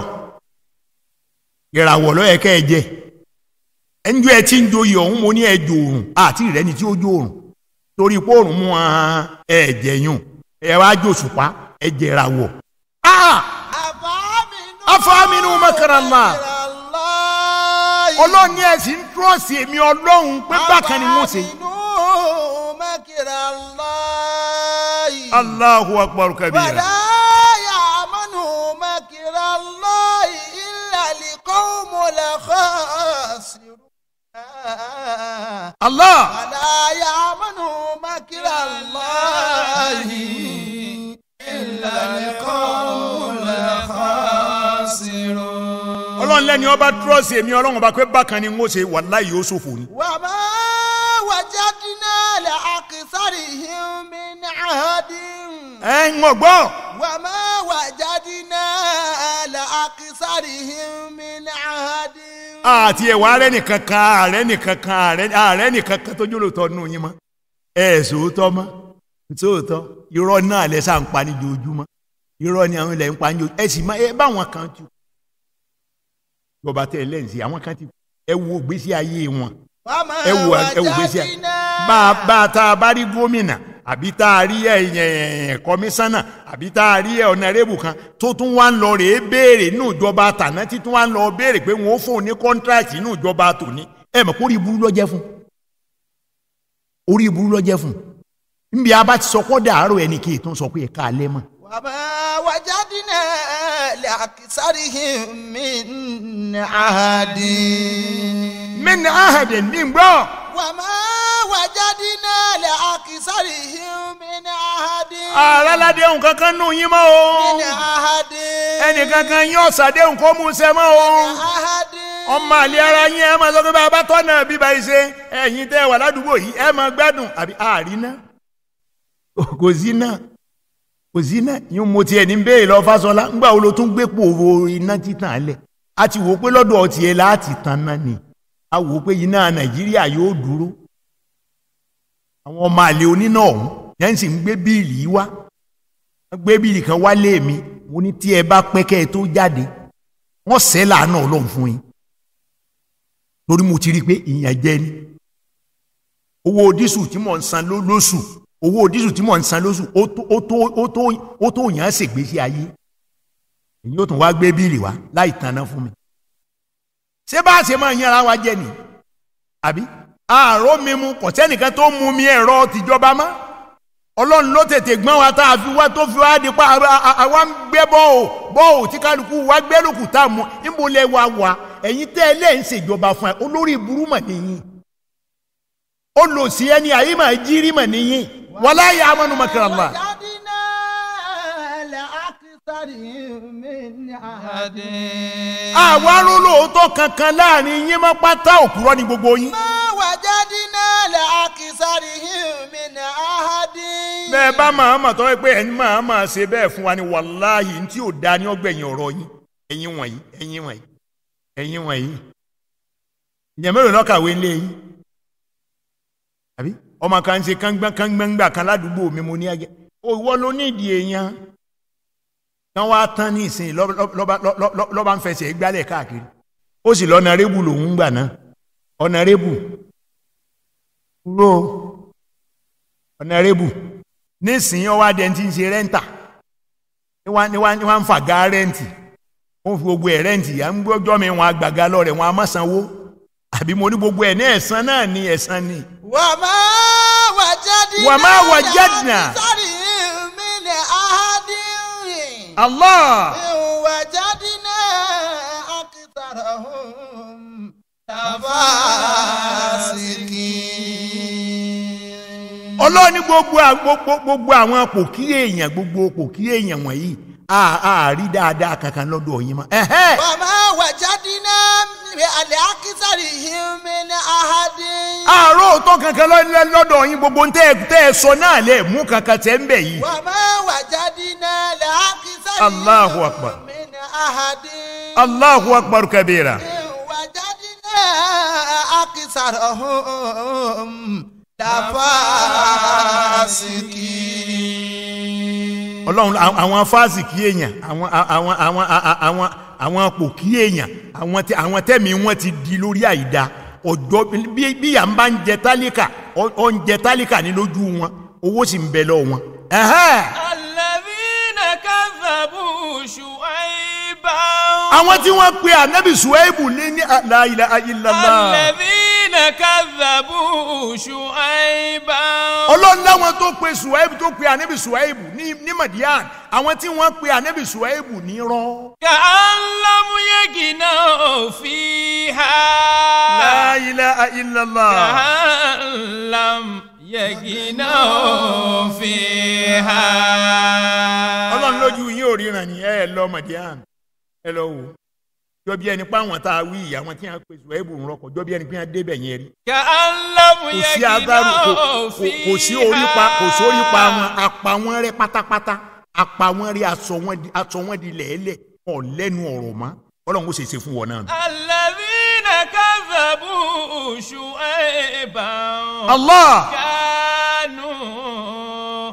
ìràwọ̀ lọ́yẹ̀ kẹ́ ẹ jẹ ẹnjú ẹ ti ń joyè ọ̀hún mo ní ẹ òrùn àti ìrẹ́ni tí ó jó òrùn torí pé òrùn mú ẹ jẹ yùn ẹ wá jó òṣùpá ẹ jẹ ìràwọ̀. Ah! afaminu makarala ọlọ́ọ̀ni ẹ̀ sì ń tún ọlọ́run pé bákan ni mo ṣe. afaminu makarala. Allahu akbar kabira. Bàdá yà àmọ́nù mẹ́kìrà lọ́ọ̀yì ìlàlí kọ́ọ̀mù lẹ́kọ́ sírù. Allah. Bàdá yà àmọ́nù mẹ́kìrà lọ́ọ̀yì ìlàlí kọ́ọ̀mù lẹ́kọ́ sírù. Ọlọ́run lẹ́ni ọba túrọ̀sì èmi ọlọ́run ọba pé bákan ni n ó ṣe wàláyé ó ṣòfò ni. Wàmọ́. ووجدنا لأكثرهم من عهد مغبو وما àti ààrẹ nìkan ààrẹ nìkan ààrẹ nìkan kan tó nù yín mọ́ ẹ sòótọ́ mọ́ sòótọ́ irọ́ náà lẹ ń pa ní irọ́ ni àwọn ilẹ̀ ń ní ẹ sì máa ẹ báwọn kan àwọn kan ti gbèsè ayé wọn ẹwù ẹwù gbèsè bá a bá a ta a bá rí gómìnà àbí tá a rí ẹ kọmíṣánná àbí tá a rí ẹ ọ̀nàrẹ́bù kan tó tún wá ń lọ rèé béèrè nínú ìjọba tàná tí tún wá ń lọ béèrè pé wọn ó fún un ní kọ́ńtíráàtì nínú ìjọba tòní ẹ mọ̀ kó rí burú lọ́jẹ́ fún orí burú lọ́jẹ́ fún nbí a bá ti sọ kọ́ dàárọ̀ ẹnì kì í sọ pé ẹ alẹ́ mọ́ وما وجدنا لأكثرهم من عهد من عهد من بو وما وجدنا لأكثرهم من عهد aláládéhùn kankan nù yín mọ́ o ẹnì kankan yín ọ̀sàdéhùn kó mú sẹ́ mọ́ o ọmọ àlè ara yín ẹ máa sọ pé bàbá tọ́nà bíbá yìí ṣe ẹ̀yin tẹ́ wà ládùúgbò yìí ẹ máa gbádùn àbí àárín náà kò sí náà kò sí náà yín mo tiẹ̀ ní bẹ́ẹ̀ lọ fásọlá ńgbà wo ló tún gbé pòrò iná títàn lẹ̀ a ti wò pé lọ́dọ̀ ọtí ẹ̀ láti tan náà ni a wò pé iná nàìjíríà yóò dúró àwọn ọmọ àlè oníná ọ̀hún yẹn sì ń gbé bíìlì wá wọ́n gbé bíìlì kan wálé mi mo ní tí ẹ bá pẹ́ kẹ́ ẹ tó jáde wọ́n sẹ́ làánà ọlọ́run fún yín lórí mo ti rí i pé ìyàn jẹ ni owó dísù tí mò ń san lóṣù owó dísù tí mò ń san lóṣù ó tó ó tó ó tó ó tó yàn án ṣègbésí ayé èyí ó tún wá gbé bíìlì wá láì tanná fún mi ṣé bá a ṣe máa yanra wa jẹ ni àbí àárọ̀ mímu kò sẹ́nìkan tó mu mi ẹ̀rọ tìjọba mọ́ ọlọ́run ló tètè gbọ́n wa tá a fi wá tó fi wá di pa àwa ń gbé bọ́ọ̀ bọ́ọ̀ tí kálukú wa gbẹ́lùkù tá a mu níbo lẹ wá wà ẹ̀yin tẹ́ ẹ lẹ́yìn ṣèjọba fún ẹ olórí burú mà nìyí. olùsíẹ́ni àyímọ̀ jírímọ̀ nìyí wàlá yà amanu makara Allah. àwa rún lóòótọ́ kankan láàrin yín mọ́ pátá òkúrọ́ ni gbogbo yín. bẹ́ẹ̀ bá màá ma tọ́ pé ṣe bẹ́ẹ̀ fún wa ni da ọgbẹ̀yìn ọ̀rọ̀ yín ẹ̀yin wọ̀nyí ẹ̀yin wọ̀nyí ẹ̀yin wọ̀nyí. ìyẹn àbí ọmọ kan ṣe kángbọ́n kángbọ́n gbà kan ládùúgbò mi mo ní agẹ òwò ló ní ìdí èèyàn náà wá tán ní ìsìn lọ́ba ń fẹsẹ̀ gbálẹ̀ káàkiri ó sì lọ́nà rébù lòún gbà náà ọ̀nà rébù kúrò ọ̀nà rébù nísìnyí ọwọ́ adé ti ń ṣe rẹ́ǹtà ni wọ́n ń fàgá rẹ́ǹtì wọ́n fi gbogbo ẹ̀ rẹ́ǹtì à ń gbọ́jọ́ mi wọn àgbàgá lọ rẹ̀ wọn a àbí mo ní gbogbo ẹ̀ ní ẹ̀san náà ni ẹ̀san ni. wà á máa wà jáde náà wà á máa wà jáde náà. sọ́ọ̀rì mi lè áhádì rìn. Allah. ìwà jáde náà akitara hum tabasiki. ọlọ́ọ̀ni gbogbo àwọn pòkí èèyàn gbogbo pòkí èèyàn wọ̀nyí àárí dáadáa kankan lọ́dọ̀ yín mọ́. bàmá wàjádínà àlẹ́ akísàrí ìhìnmi ní ahadi. àárọ̀ tó kankan lọ́dọ̀ yín gbogbo tẹ́ ẹ sọ náà lẹ̀ mú kankan tẹ́ ń bẹ̀ yìí. bàmá wàjádínà àlẹ́ akísàrí Allahu akbar Allahu akbar kabira. wàjádínà akísàrí ọ̀hún làfàásìkì ọlọ́run àwọn fásìkì èèyàn àwọn àwọn àwọn àwọn àwọn pòkí èèyàn àwọn tẹ àwọn tẹ̀mí wọn ti di lórí àìda ọ̀dọ́ bí yà ń bá ń jẹ tálíkà ọ̀ ń jẹ tálíkà ní lójú wọn owó sì ń bẹ lọ wọn. alladhina kadhabu Shu'ayba. àwọn tí wọ́n pe ànábì Shu'aybu ní ní la ilaha illallah. alladhina lẹ́dínà kàdàbù ṣùáìbà. ọlọ́run láwọn tó pe ṣùáìbù tó pe ànábì ṣùáìbù ní madian àwọn tí wọ́n pe ànábì ṣùáìbù ní rọ́. kà á lámú yegi náà fi ha. la ilaha illallah. kà á lámú yegi náà fi ha. ọlọ́run lójú yín ò ríran ni ẹ lọ madian ẹ lọ wò jọbi ẹni pé àwọn tá a wí ìyá wọn tí wọn pèsè ẹ bò ń rọkọ jọbi ẹni pé wọn débẹ̀ yẹn rí. kà á lámù yẹ kí náà fi hàn. kò sí orípa kò sí orípa wọn apá wọn rẹ pátápátá apá wọn rẹ aṣọ wọn di lẹ́ẹ̀lẹ̀ ọ̀ lẹ́nu ọ̀rọ̀ mọ́ ọlọ́run kò ṣe ṣe fún wọn náà. alladhina kadhabu Shu'ayban. Allah. kanu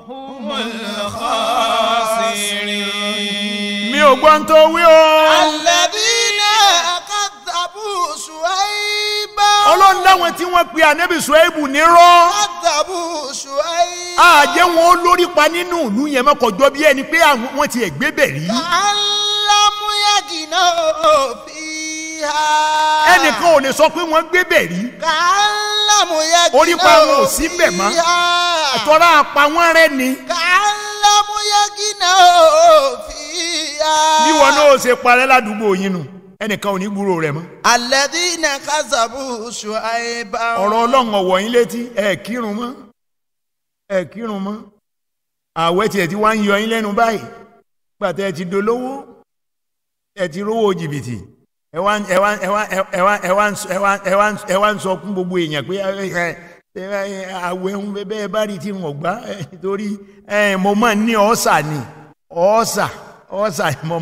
humul khasirin. mi ò gbọ́n wí o. alẹ́ ṣùáìbà. ọlọ́run dáwọn tí wọ́n pe ànábì ṣùáìbù nírọ́. àtàbù ṣùáìbà. àjẹ́ wọn ó lórí pa nínú ìlú yẹn mọ́kànjọ́ bí ẹni pé wọ́n ti ẹ̀ gbé bẹ̀ rí. alámúyàgìnà òfìhà. ẹnìkan ò lè sọ pé wọ́n gbé bẹ̀ rí. alámúyàgìnà òfìhà. orí pa wọn ò sí bẹ̀ mọ́. àtọ́ra àpá wọn rẹ ni. alámúyàgìnà òfìhà. bí wọn náà ṣe parẹ́ ládùúgbò yín nù. ẹnìkan ò ní gbúrò rẹ̀ mọ́. alladhina kazabu Shu'ayba. ọ̀rọ̀ ọlọ́run yín létí ẹ kírun mọ́ ẹ kírun mọ́ àwẹ̀ tiẹ̀ ti wá ń yọ yín báyìí pàtẹ́ ẹ ti dolówó ẹ ti rówó jìbìtì ẹ wá gbogbo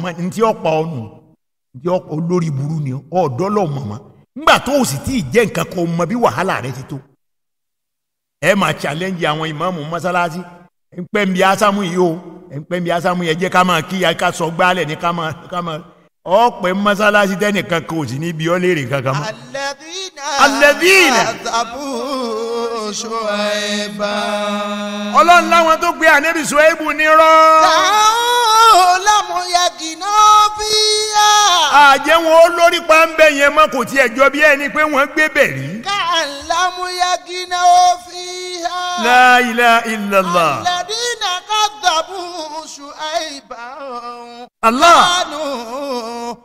ẹ olórí burú ni ọ̀dọ́ lọ mọ̀mọ́ ńgbà tó o sì tí ì jẹ́ nǹkan kan mọ bí wàhálà rẹ ti tó ẹ challenge àwọn ìmáàmù mọ́sálásí ẹ̀ ń pẹ́ ń yìí o ẹ̀ ń pẹ́ ń bi yẹn jẹ́ ká máa kí ká sọ gbálẹ̀ ká máa ọ̀pẹ mọ́sálásí tẹ́nìkan kan ò sì ní kankan mọ́. alẹ́bíìnà àtàbù àjẹ́ wọn ó lórí pàǹbẹ̀ yẹn mọ́ kò tiẹ̀ jọ bí ẹni pé wọ́n gbé bẹ̀ rí. kàlámúyá gíná ó fi hàn. la ilaha illallah. alladina kadhabu shu'aiba. Allah. kánú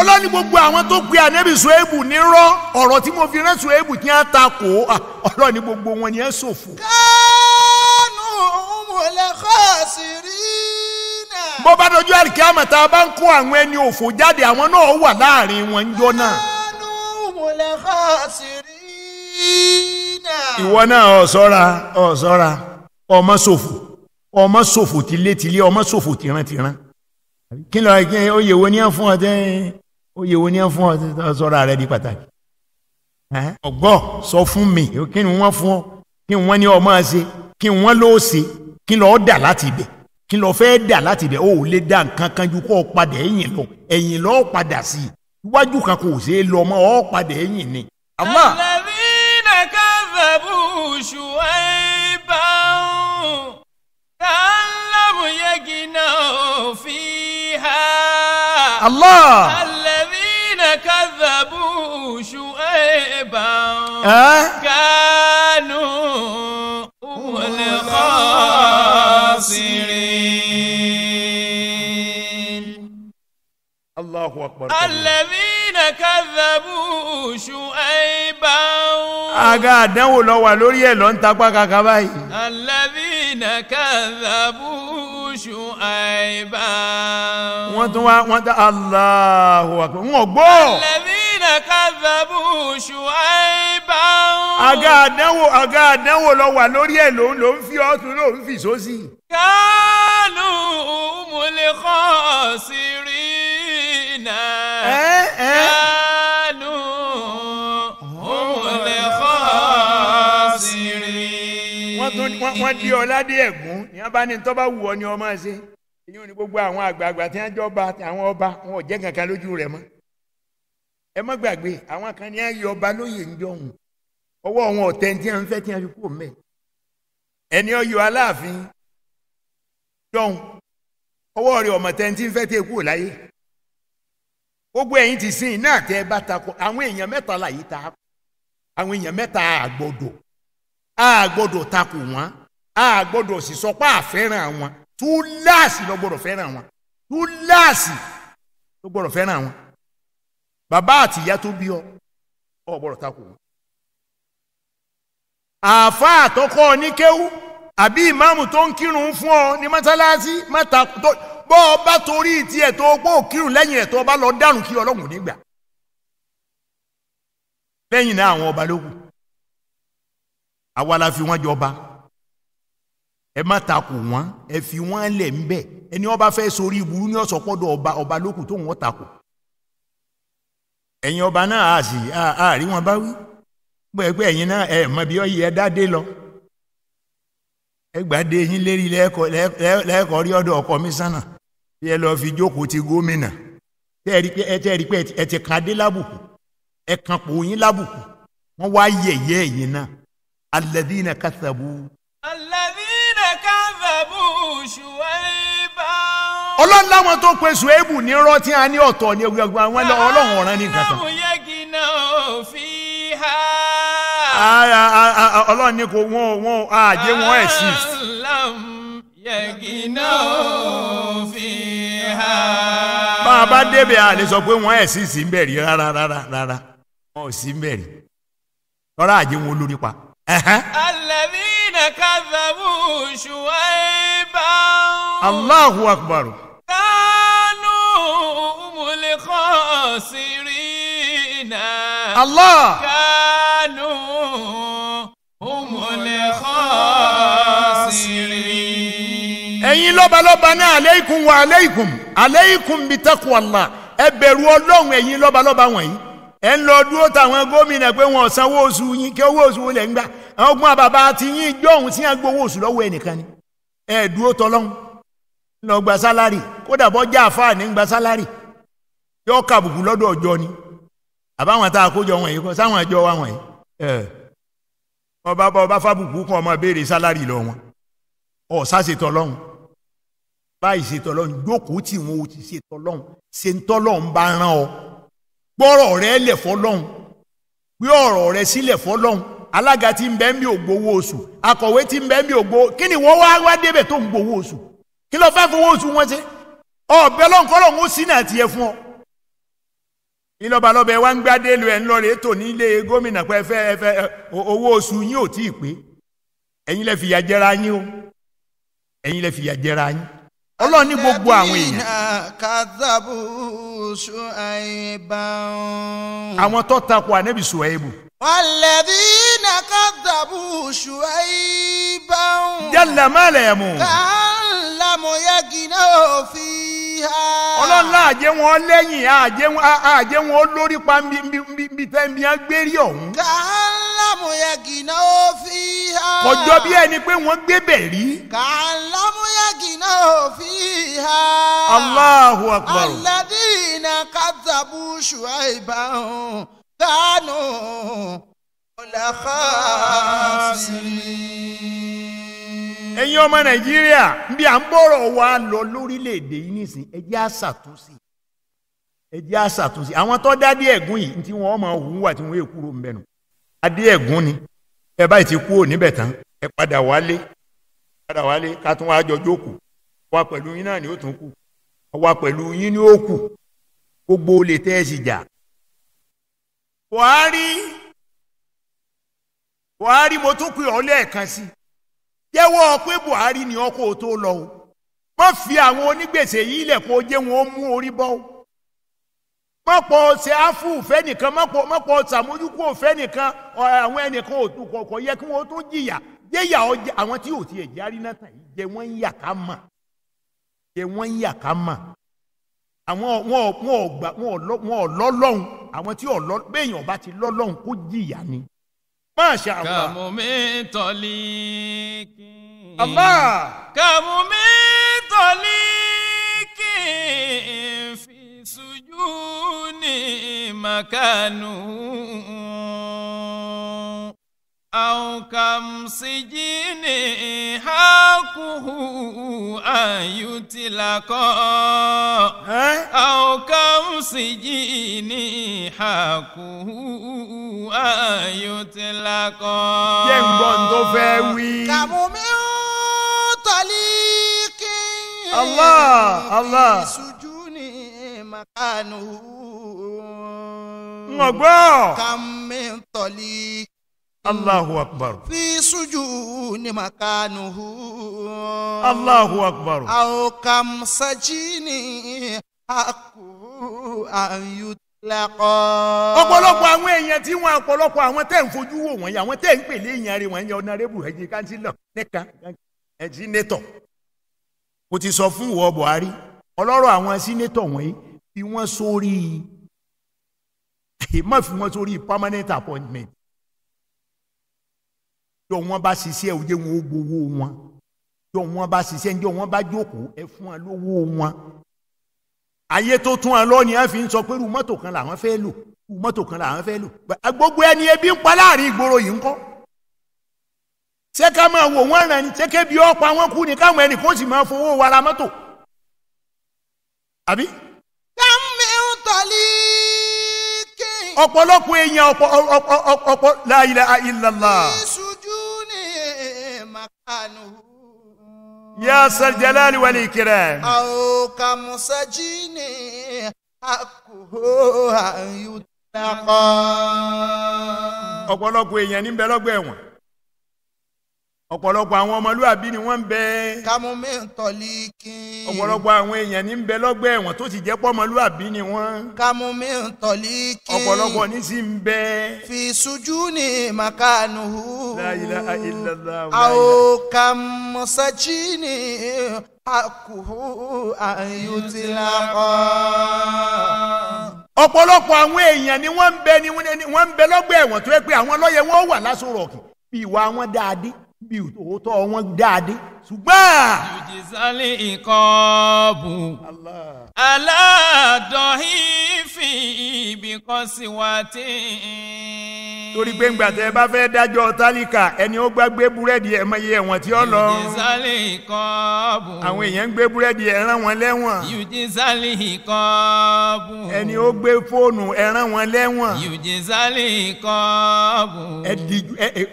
ọlọ́ni gbogbo àwọn tó pe ànẹ́bí Ṣuaibu nírọ́ ọ̀rọ̀ tí mo fi rán Ṣuaibu kí á ta kò ah, ọlọ́ni gbogbo wọn ni ẹ ṣòfò. kánú mọ̀lẹ́kọ́ sí bó bá dojú àríkí àmọ̀ tá a bá ń kó àwọn ẹni òfò jáde àwọn náà wà láàrin wọn ń jọ náà. ìwọ náà ọ̀ṣọ́ra ọ̀ṣọ́ra ọmọ ṣòfò ọmọ ṣòfò tilétilé ọmọ ṣòfò tìrantìran kí ló ẹ oyè wo ni ẹ fún ọ tẹ oyè wo ni ẹ fún ọ ṣọ́ra rẹ di pàtàkì ọgbọ sọ fún mi kí ni wọn fún ọ kí ni wọn ní ọmọ ṣe kí ni wọn ló ṣe kí ni lọ dà láti ibẹ̀ kí lọ fẹ́ dà láti bẹ̀ ó lè dá nǹkan kan ju kó o padà ẹ̀yìn lọ ẹ̀yìn lọ ó padà sí i iwájú kan kò ṣeé lọ mọ́ ó padà ẹ̀yìn ni. àmọ́. alladhina kadhabu Shu'ayban ka'allam yaghnau fiha. Allah. alladhina kadhabu Shu'ayban kanu. هم الخاسرين الله أكبر الذين كذبوا شعيبا aga àdánwò lọ wà lórí ẹ̀ lọ ń tapá kaka báyìí. alladhina kadhabu Shu'aiba. wọ́n tún wá wọ́n tún Allahu Akbar wọ́n gbọ́. alladhina kàdàbù ṣùáìbà. àga àdánwò àga àdánwò lọ wà lórí ẹ̀ ló ló ń fi ọ̀tún ló ń fi sósì. kánú múlẹ̀ kọ́ sí rí iná. kánú múlẹ̀ kọ́ sí rí iná. wọ́n di ọládé ẹ̀gún ní abáni bá wù ọ ni ọmọ ṣe. ìyóò ní gbogbo àwọn àgbààgbà tí wọ́n jọ àwọn ọba wọn ò jẹ́ kankan lójú rẹ̀ mọ́ ẹ má gbàgbé àwọn kan ní ayé ọba lóye ń jọhùn ọwọ́ wọn ọ̀tẹ̀ tí wọ́n fẹ́ tí wọ́n fi kú mẹ́ ẹni ọyọ aláàfin jọhùn ọwọ́ rẹ̀ ọ̀mọ̀tẹ̀ tí ń fẹ́ tí wọ́n kú láyé gbogbo ẹ̀yin ti sìn náà tẹ́ ẹ bá takò àwọn èèyàn mẹ́ta láyé ta àwọn èèyàn mẹ́ta àgbọ̀dọ̀ àgbọ̀dọ̀ takò wọn àgbọ̀dọ̀ sì sọ pé àfẹ́ràn wọn túláàsì ló gbọ́dọ̀ fẹ́ràn wọn túláàsì ló gbọ́dọ̀ wọn bàbá àti ìyá tó bí ọ ọ gbọ́dọ̀ takò wọn. àáfàá àtọkọ oníkéwú àbí ìmáàmù tó ń kírun fún ọ ní mọ́sálásí mọ́ta tó bọ́ ọ bá torí tiẹ̀ tó gbọ́ kírun lẹ́yìn ẹ̀ tó bá lọ dànù kí ọlọ́run nígbà lẹ́yìn náà àwọn ọba ló kù àwa la fi wọ́n jọba ẹ má takò wọ́n ẹ fi wọ́n lẹ̀ ń bẹ̀ ẹni ọba fẹ́ sórí ìburú ní ọ̀sọ̀pọ̀dọ̀ ọba ọba ló kù tóun ọ̀ takò. ẹ̀yin ọba náà a sì àárí wọn bá wí pẹ̀pẹ́ ẹ̀yin náà ẹ̀ mọ̀ bí ọyẹ ẹ dáadé lọ ẹ gbàdé yín lérí lẹ́ẹ̀kọ́ rí ọ̀dọ̀ kọmíṣánná bí ẹ lọ́ọ́ fi jókòó ti gómìnà tẹ́ẹ̀rí pé ẹ ti kan dé lábùkù ẹ kan pò yín lábùkù wọ́n wá yẹ̀yẹ́ ẹ̀yin náà alladhina kathabu. alladhina kathabu ṣùgbọ́n. ọlọ́run láwọn tó pe suwébù ní irọ́ tí a ní ọ̀tọ̀ ní ogun ọgbà wọn ọlọ́run ọ̀ràn ní nǹkan kan. ọlọ́run ní kò wọ́n wọ́n àjẹ́ wọ́n exist. bá a bá débẹ̀ a lè sọ pé wọ́n exist ń bẹ̀rì rárá rárá rárá wọ́n ò sí ń bẹ̀rì lọ́rọ̀ àjẹ́ wọn olórí pa. alladhina kadhabu Shu'ayban. Allahu akbar kánú múlẹ̀ kọ́ sí rí náà. Allah. kánú múlẹ̀ kọ́ sí rí. ẹ̀yin lọ́balọ́ba náà aleikum wa aleikum aleikum bitaqwallah ẹ bẹ̀rù ọlọ́run ẹ̀yin lọ́balọ́ba wọ̀nyí ẹ ń lọ dúró táwọn gómìnà pé wọn sanwó oṣù yín kí owó oṣù lẹ̀ ń gbà àwọn ọgbọ́n bàbá ti yín jọ̀hún sí àgbowó oṣù lọ́wọ́ ẹnìkan ni ẹ dúró tọ́lọ́hún lọ gba sálárì kódà bọ́ já àfáà ní gba sálárì yọ kàbùkù lọ́dọ̀ ọjọ́ ni àbáwọn tá a kó jọ wọn yìí kọ sáwọn ẹjọ́ wa wọn yìí ẹ ọba bá ọba fábùkù kún ọmọ béèrè sálárì lọ wọn ọ sásètò Ọlọ́run báyìí ṣètò Ọlọ́run jókòó tí wọn ò ti ṣètò Ọlọ́run ṣe ń tọ́lọ́run bá rán ọ gbọ́rọ̀ rẹ lẹ̀ fọlọ́run gbé ọ̀rọ̀ rẹ sílẹ̀ fọlọ́run alága tí ń bẹ ń bí ògbówó oṣù akọ̀wé tí ń bẹ ń bí ògbówó kí ni wọ́n wá wá débẹ̀ tó ń gbówó oṣù kí ló fẹ́ fowó oṣù wọn ṣe ọ̀bẹ lọ́nkọ́lọ́ ń sí náà tiẹ̀ fún ọ. ìlọ́balọ́bẹ wa ń gbádé lu ẹ̀ ń lọ rè tò nílé gómìnà pé ẹfẹ́ ẹfẹ́ owó oṣù yín ò tí ì pé ẹ̀yin lẹ fìyà jẹra yín o ẹ̀yin lẹ fìyà jẹra yín ọlọ́run ní gbogbo àwọn èèyàn. àwọn tó takò ànábì ṣùáìbù. wàlẹ́bí na kàdàbù ṣùáìbàn. jẹ́lẹ̀ má lẹ̀ mú. kàá mọ̀yẹ́gìnà òfin ha. ọlọ́run náà àjẹ́ wọn lẹ́yìn àjẹ́ wọn àjẹ́ wọn lórí pa nbí tẹ́mi agbérí ọ̀hún. kàńlá mọ̀yẹ́gìnà òfin ha. kọjọ bí ẹni pé wọ́n gbébẹ̀ rí. kàńlá mọ̀yẹ́gìnà òfin ha. Allahu akbar. aládìínà kàtàbù ṣùgbọ́n ìbáhùn kánú ọ̀làkàṣì. ẹ̀yin ọmọ nàìjíríà bí à ń bọ̀rọ̀ wa lọ lórílẹ̀‐èdè yìí nísìn a jẹ́ á ṣàtúnṣe ẹ àwọn tó dá ẹ̀gún yìí tí wọ́n tí wọ́n yẹ kúrò ń bẹ̀nu adé ni ẹ báyìí ti kúrò níbẹ̀ tán ẹ padà wálé padà wálé ká tún wá wá pẹ̀lú yín náà ni ó tún kù wá pẹ̀lú yín ni ó kù jà Buhari Buhari mo tún pè jẹ́wọ́ pé Buhari ni ọkọ̀ tó lọ o má fi àwọn onígbèsè yìí lẹ̀ kó jẹ́ wọn ó mú orí bọ́ o mọ̀pọ̀ ṣe áfù fẹ́nìkan mọ̀pọ̀ mọ̀pọ̀ ṣàmójúkú fẹ́nìkan àwọn ẹnìkan kò yẹ kí wọ́n tún jìyà jẹ́yà àwọn tí ò tiẹ̀ járí náà tàn yìí jẹ́ wọ́n ń yà ká mà jẹ́ wọ́n ń yà ká mà àwọn wọn ò gbà wọn ò lọ́lọ́hún àwọn tí ò lọ́ bẹ́ẹ̀ yàn bá ti lọ́lọ́hún kó jìyà ni. Masha Allah. kàmú mi tọ́lí kí. Allah. kàmú mi tọ́lí kí fi sujú ní màkánù. أو كم سجين حقه أن يطلق أو كم سجين حقه أن يطلق jẹ́ ń gbọ́ tó Allah Allah ìṣojú ni màkánù. ń gbọ́. Allahu akbar. Fi suju ni makanuhu. Allahu akbar. Aw kam sajini aku ayutlaqa. Ọ̀pọ̀lọpọ̀ àwọn èèyàn tí wọ́n ọ̀pọ̀lọpọ̀ àwọn tẹ̀ ń fojú wò wọ̀nyí àwọn tẹ̀ ń pèlè èèyàn rẹ̀ wọ̀nyí ọ̀nàrẹ́bù ẹ̀jẹ̀ kánsílọ̀ nìkan ẹ̀jẹ̀ nẹ́tọ̀. Mo ti sọ fún ìwọ Buhari ọlọ́rọ̀ àwọn sínétọ̀ wọ̀nyí fi wọ́n sórí má fi wọ́n sórí permanent appointment jọ wọn bá ṣiṣẹ́ ò jẹ́ wọn ó gbowó wọn jọ wọn bá ṣiṣẹ́ jọ wọn bá jókòó ẹ fún wọn lówó wọn. ayé tó tún wọn lọ ni wọn fi ń sọ pé irú mọ́tò kan làwọn fẹ́ lò irú mọ́tò kan làwọn fẹ́ lò gbogbo ẹni ebi ń pa láàrin ìgboro yìí ń kọ́ ṣé ká máa wò wọ́n ràn ní ṣé kébi ọ̀pá wọn kú ni káwọn ẹnì kó sì máa fowó wa ra mọ́tò àbí. dámì ń tọ́lí kí. ọ̀pọ̀lọpọ̀ èèyàn ọ̀pọ̀ ọ̀pọ̀ ọ̀pọ̀ la ilaha illallah. مكانه يا ذا الجلال والإكرام أو كمسجين حقه أن يطلقا ọ̀pọ̀lọpọ̀ èèyàn ní bẹ́lọ́gbọ̀ ẹ̀wọ̀n ọ̀pọ̀lọpọ̀ àwọn ọmọlúwàbí ni wọ́n ń bẹ. kàmú mi ń tọ́lí kí. ọ̀pọ̀lọpọ̀ àwọn èèyàn ní ń bẹ lọ́gbẹ́ ẹ̀wọ̀n tó ti jẹ́ pọ́ ni wọ́n. kàmú mi ń tọ́lí kí. ọ̀pọ̀lọpọ̀ ní sí ń bẹ. fi sujú ni makanu. la ilaha illallah. àwọn kàmọ́sájì ni akuhu ayutilakọ. ọ̀pọ̀lọpọ̀ àwọn èèyàn ni wọ́n ń bẹ lọ́gbẹ́ ẹ̀wọ̀n tó yẹ pé àwọn lọ́yẹ̀ wọ́n wà lásòrò ọ̀kì bí ìwà wọn dáadé bí òótọ́ wọn dáadé ṣùgbọ́n. ìjìsálẹ̀ ìkọ́ọ̀bù aládọ́hìn fi ibi kan sí wa tí. torí pé ńgbà tẹ́ bá fẹ́ dájọ́ tálíkà ẹni ó gbàgbé búrẹ́dì ẹ̀ mọye ẹ̀wọ̀n tí ó lọ. ìjìsálẹ̀ ìkọ́ọ̀bù. àwọn èèyàn ń gbé búrẹ́dì ẹ̀ rán wọn lẹ́wọ̀n. ìjìsálẹ̀ ìkọ́ọ̀bù. ẹni ó gbé fóònù ẹ̀ wọn lẹ́wọ̀n. ìjìsálẹ̀ ìkọ́ọ̀bù.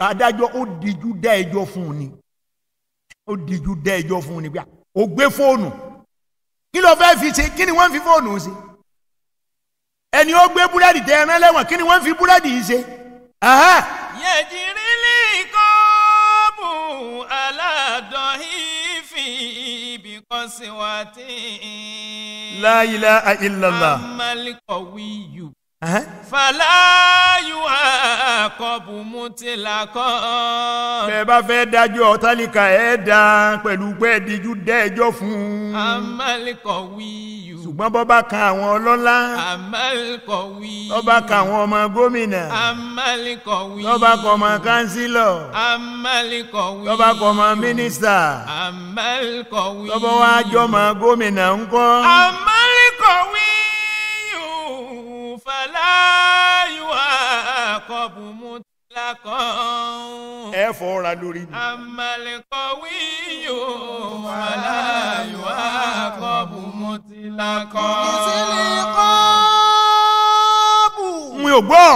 adájọ́ ó dijú dá ẹjọ́ fún un ni ó díjú dẹ́ ẹjọ́ fún nígbà ó gbé fóònù kí ló fẹ́ fi ṣe kí ni wọ́n fi fóònù ṣe ẹni ó gbé búrẹ́dì tẹ ẹran lẹ́wọ̀n kí ni wọ́n fi búrẹ́dì yìí ṣe. yẹ̀jìrì lè kọ́ ìfì ibi kan sí wa tí. la ilaha illallah. amalikọ̀wé yù fàlàyé àkọ́bù mú ti là kọ́. bẹ́ẹ̀ bá fẹ́ dájọ́ ọ̀tálíkà ẹ̀ dá pẹ̀lú pé díjú dẹ́jọ́ fún un. amalikọ̀ wí yù. ṣùgbọ́n bọ́ kan àwọn ọlọ́lá. amalikọ̀ wí yù. lọ́ kan àwọn ọmọ gómìnà. amalikọ̀ wí yù. lọ́ kan ọmọ kánsílọ̀. amalikọ̀ wí yù. lọ́ kan ọmọ mínísítà. amalikọ̀ wí yù. lọ́ bá wá ọmọ gómìnà ńkọ́. amalikọ̀ wí yù. kan. ẹ fọra lórí mi. àmàlẹ́kọ̀ wíyò aláyọ̀ àkọ́bù mo ti la kan. ìsìlẹ̀ kọ́ọ̀bù. mi ò gbọ́.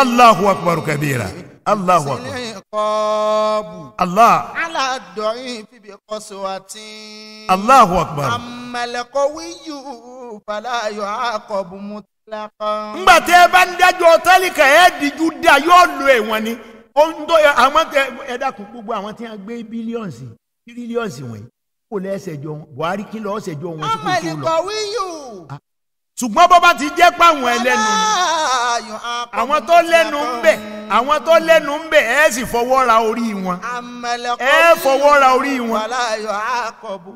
Allahu akbar kabira. Allahu akbar. ìsìlẹ̀ kọ́ọ̀bù. Allah. aládọ́yìn bíbí ọkọ sọ wa tí. Allahu akbar. àmàlẹ́kọ̀ wíyò fàlàyọ̀ àkọ́bù mo ti ngbà tẹ ẹ bá ń dájọ́ tálíkà ẹ dìjú dá yóò lo ẹ̀wọ̀n ni ohun tó yẹ àwọn ẹ dákun gbogbo àwọn tí wọ́n gbé bílíọ̀nsì tírílíọ̀nsì wọ̀nyí kò lẹ́sẹ̀ jọ wọn Buhari kí lọ́ọ́ sẹ̀ jọ wọn sókè tó lọ. Ah. ṣùgbọ́n bọ́ba ti jẹ́ pàwọn ẹlẹ́nu àwọn tó lẹ́nu ń bẹ̀ àwọn tó lẹ́nu ń bẹ̀ ẹ́ sì fọwọ́ ra orí wọn ẹ fọwọ́ ra orí wọn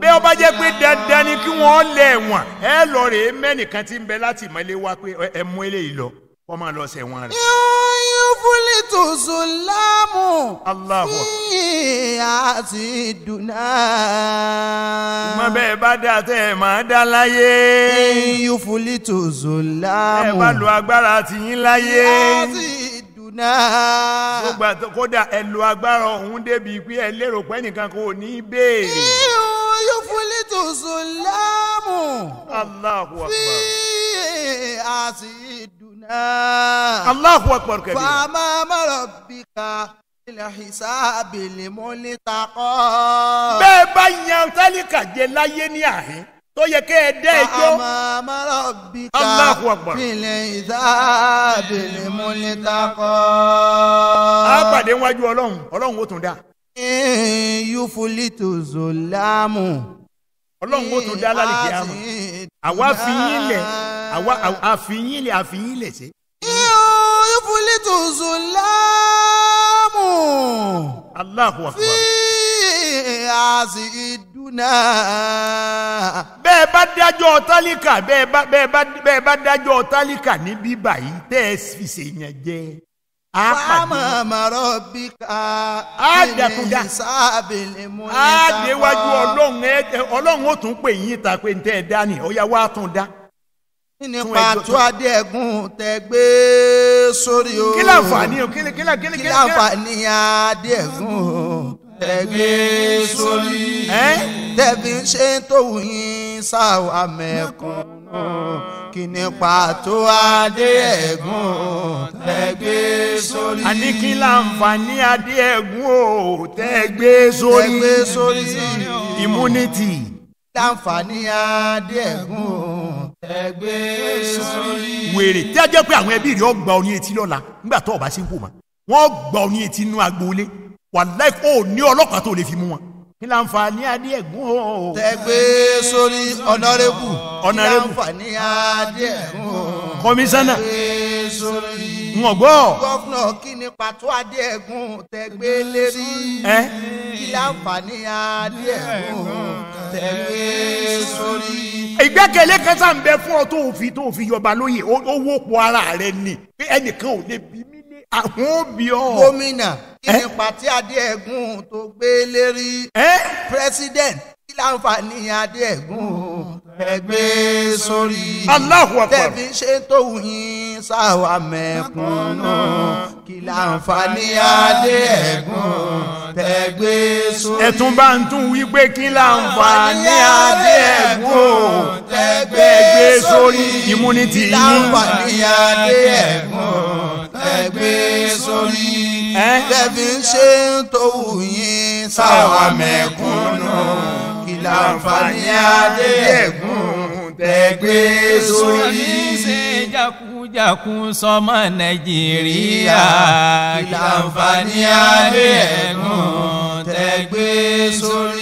bí ó bá jẹ́ pé dandan ni kí wọ́n lẹ̀ wọ́n ẹ lọ rèé mẹ́nìkan tí ń bẹ láti mọ́lé wá pé ẹ mú eléyìí lọ wọ́n máa lọ sẹ́wọ̀n rẹ̀. yóò fúli tó sùlámù fi àti dùnà. mo bẹ́ẹ̀ bá dà tẹ́ ẹ máa dá láyé. yóò fúli tó sùlámù. ẹ bá lo agbára tiyín láyé. àti náà. gbogbo àti kódà ẹ lo agbára ọ̀hún débi pé ẹ lérò pé nìkan kò ní béèrè. ìhùn yóò tó so láàmù. Allahu Akbar. fi àti ìdùnnà. Allahu Akbar kẹ́lẹ́. fama mọ̀rọ̀ bí ká ilẹ̀ ìsáàbì lè mú lítàkọ́. bẹ́ẹ̀ bá yan tálíkà jẹ láyé ní àhín tó yẹ kẹ́ ẹ dẹ́ ẹjọ́. àmàmàrà bí ká fìlẹ̀ ìsáàbìlì múlítà kọ́. a pàdé wájú ọlọ́run ọlọ́run ó tún dá. yúfúlì tó zòlámù. ọlọ́run ó tún dá lálẹ́ kí a mọ̀. àwa fi yín lẹ̀ àwa àfi yín lẹ̀ àfi yín lẹ̀ sí. yúfúlì tó zòlámù. Allahu akbar àsìkí dúnà. bẹ́ẹ̀ bá dájọ́ tálíkà bẹ́ẹ̀ bá bẹ́ẹ̀ bá bẹ́ẹ̀ bá dájọ́ tálíkà ní bíbà yìí tẹ́ ẹ fi ṣèyàn jẹ. Fáàmà màrọ̀ bí ká ìní sábìlì mú ní sábà. Á déwájú ọlọ́run ẹ ọlọ́run ó tún pè yín ta pé ntẹ́ ẹ dá ni ọ̀ya wa tún dá. Kíni pàtó adéẹ̀gùn tẹ gbé sórí o. Kí láǹfààní o kí láǹfààní adéẹ̀gùn o ẹgbẹ́ sórí. ẹ tẹ̀bí ń ṣe tòun yín sáwà mẹ́kúnnù kí ni pàtó adé ẹ̀gún tẹ̀gbẹ́ sórí. àní kí láǹfààní adé ẹ̀gún o tẹ̀gbẹ́ sórí. tẹ̀gbẹ́ sórí. immunity. láǹfààní adé ẹ̀gún o tẹ̀gbẹ́ sórí. wèrè tí a jẹ́ pé àwọn ẹbí rẹ̀ ó gba ọ ní etí lọ́la nígbà tó o bá ṣe ń wò ma wọ́n gba ọ etí inú agboolé wàláì kó o ní ọlọ́pàá tó lè fi mú wọn. kí la ń fa ní adé ẹ̀gún o. tẹgbẹ́ sórí ọ̀nàrẹ́bù. ọ̀nàrẹ́bù kí la ń fa ní adé ẹ̀gún o. kọmísánná. tẹgbẹ́ sórí. n ò gbọ́. gọ́fúnà kí ni pàtó adé ẹ̀gún tẹgbẹ́ lérí. ẹ kí la ń fa ní adé ẹ̀gún o. tẹgbẹ́ sórí. ìgbẹ́kẹ̀lé kan sáà ń bẹ fún ọ tó o fi tó o fi yọba lóye owó pọ̀ ara rẹ ni ẹnìkan ò lè bí mi àhúnbíọ́. gómìnà kí ni pàtí adé ẹ̀gún tó gbé lérí. president láǹfààní adé ẹ̀gún ẹgbẹ́ sórí tẹ̀bí ṣe tóun yín sáwà mẹ́kúnnù kí láǹfààní adé ẹ̀gún tẹ̀gbẹ́ sórí. ẹ̀tún bá ń tún wí pé kí láǹfààní adé ẹ̀gún tẹ̀gbẹ́ sórí immunity yín. láǹfààní adé ẹ̀gún tẹ̀gbẹ́ sórí tẹ̀bí ṣe tóun yín sáwà mẹ́kúnnù làǹfààní adé ẹ̀gún tẹ̀gbẹ́ sórí. ṣe jákujàkun sọmọ nàìjíríà kí làǹfààní adé ẹ̀gún tẹ̀gbẹ́ sórí.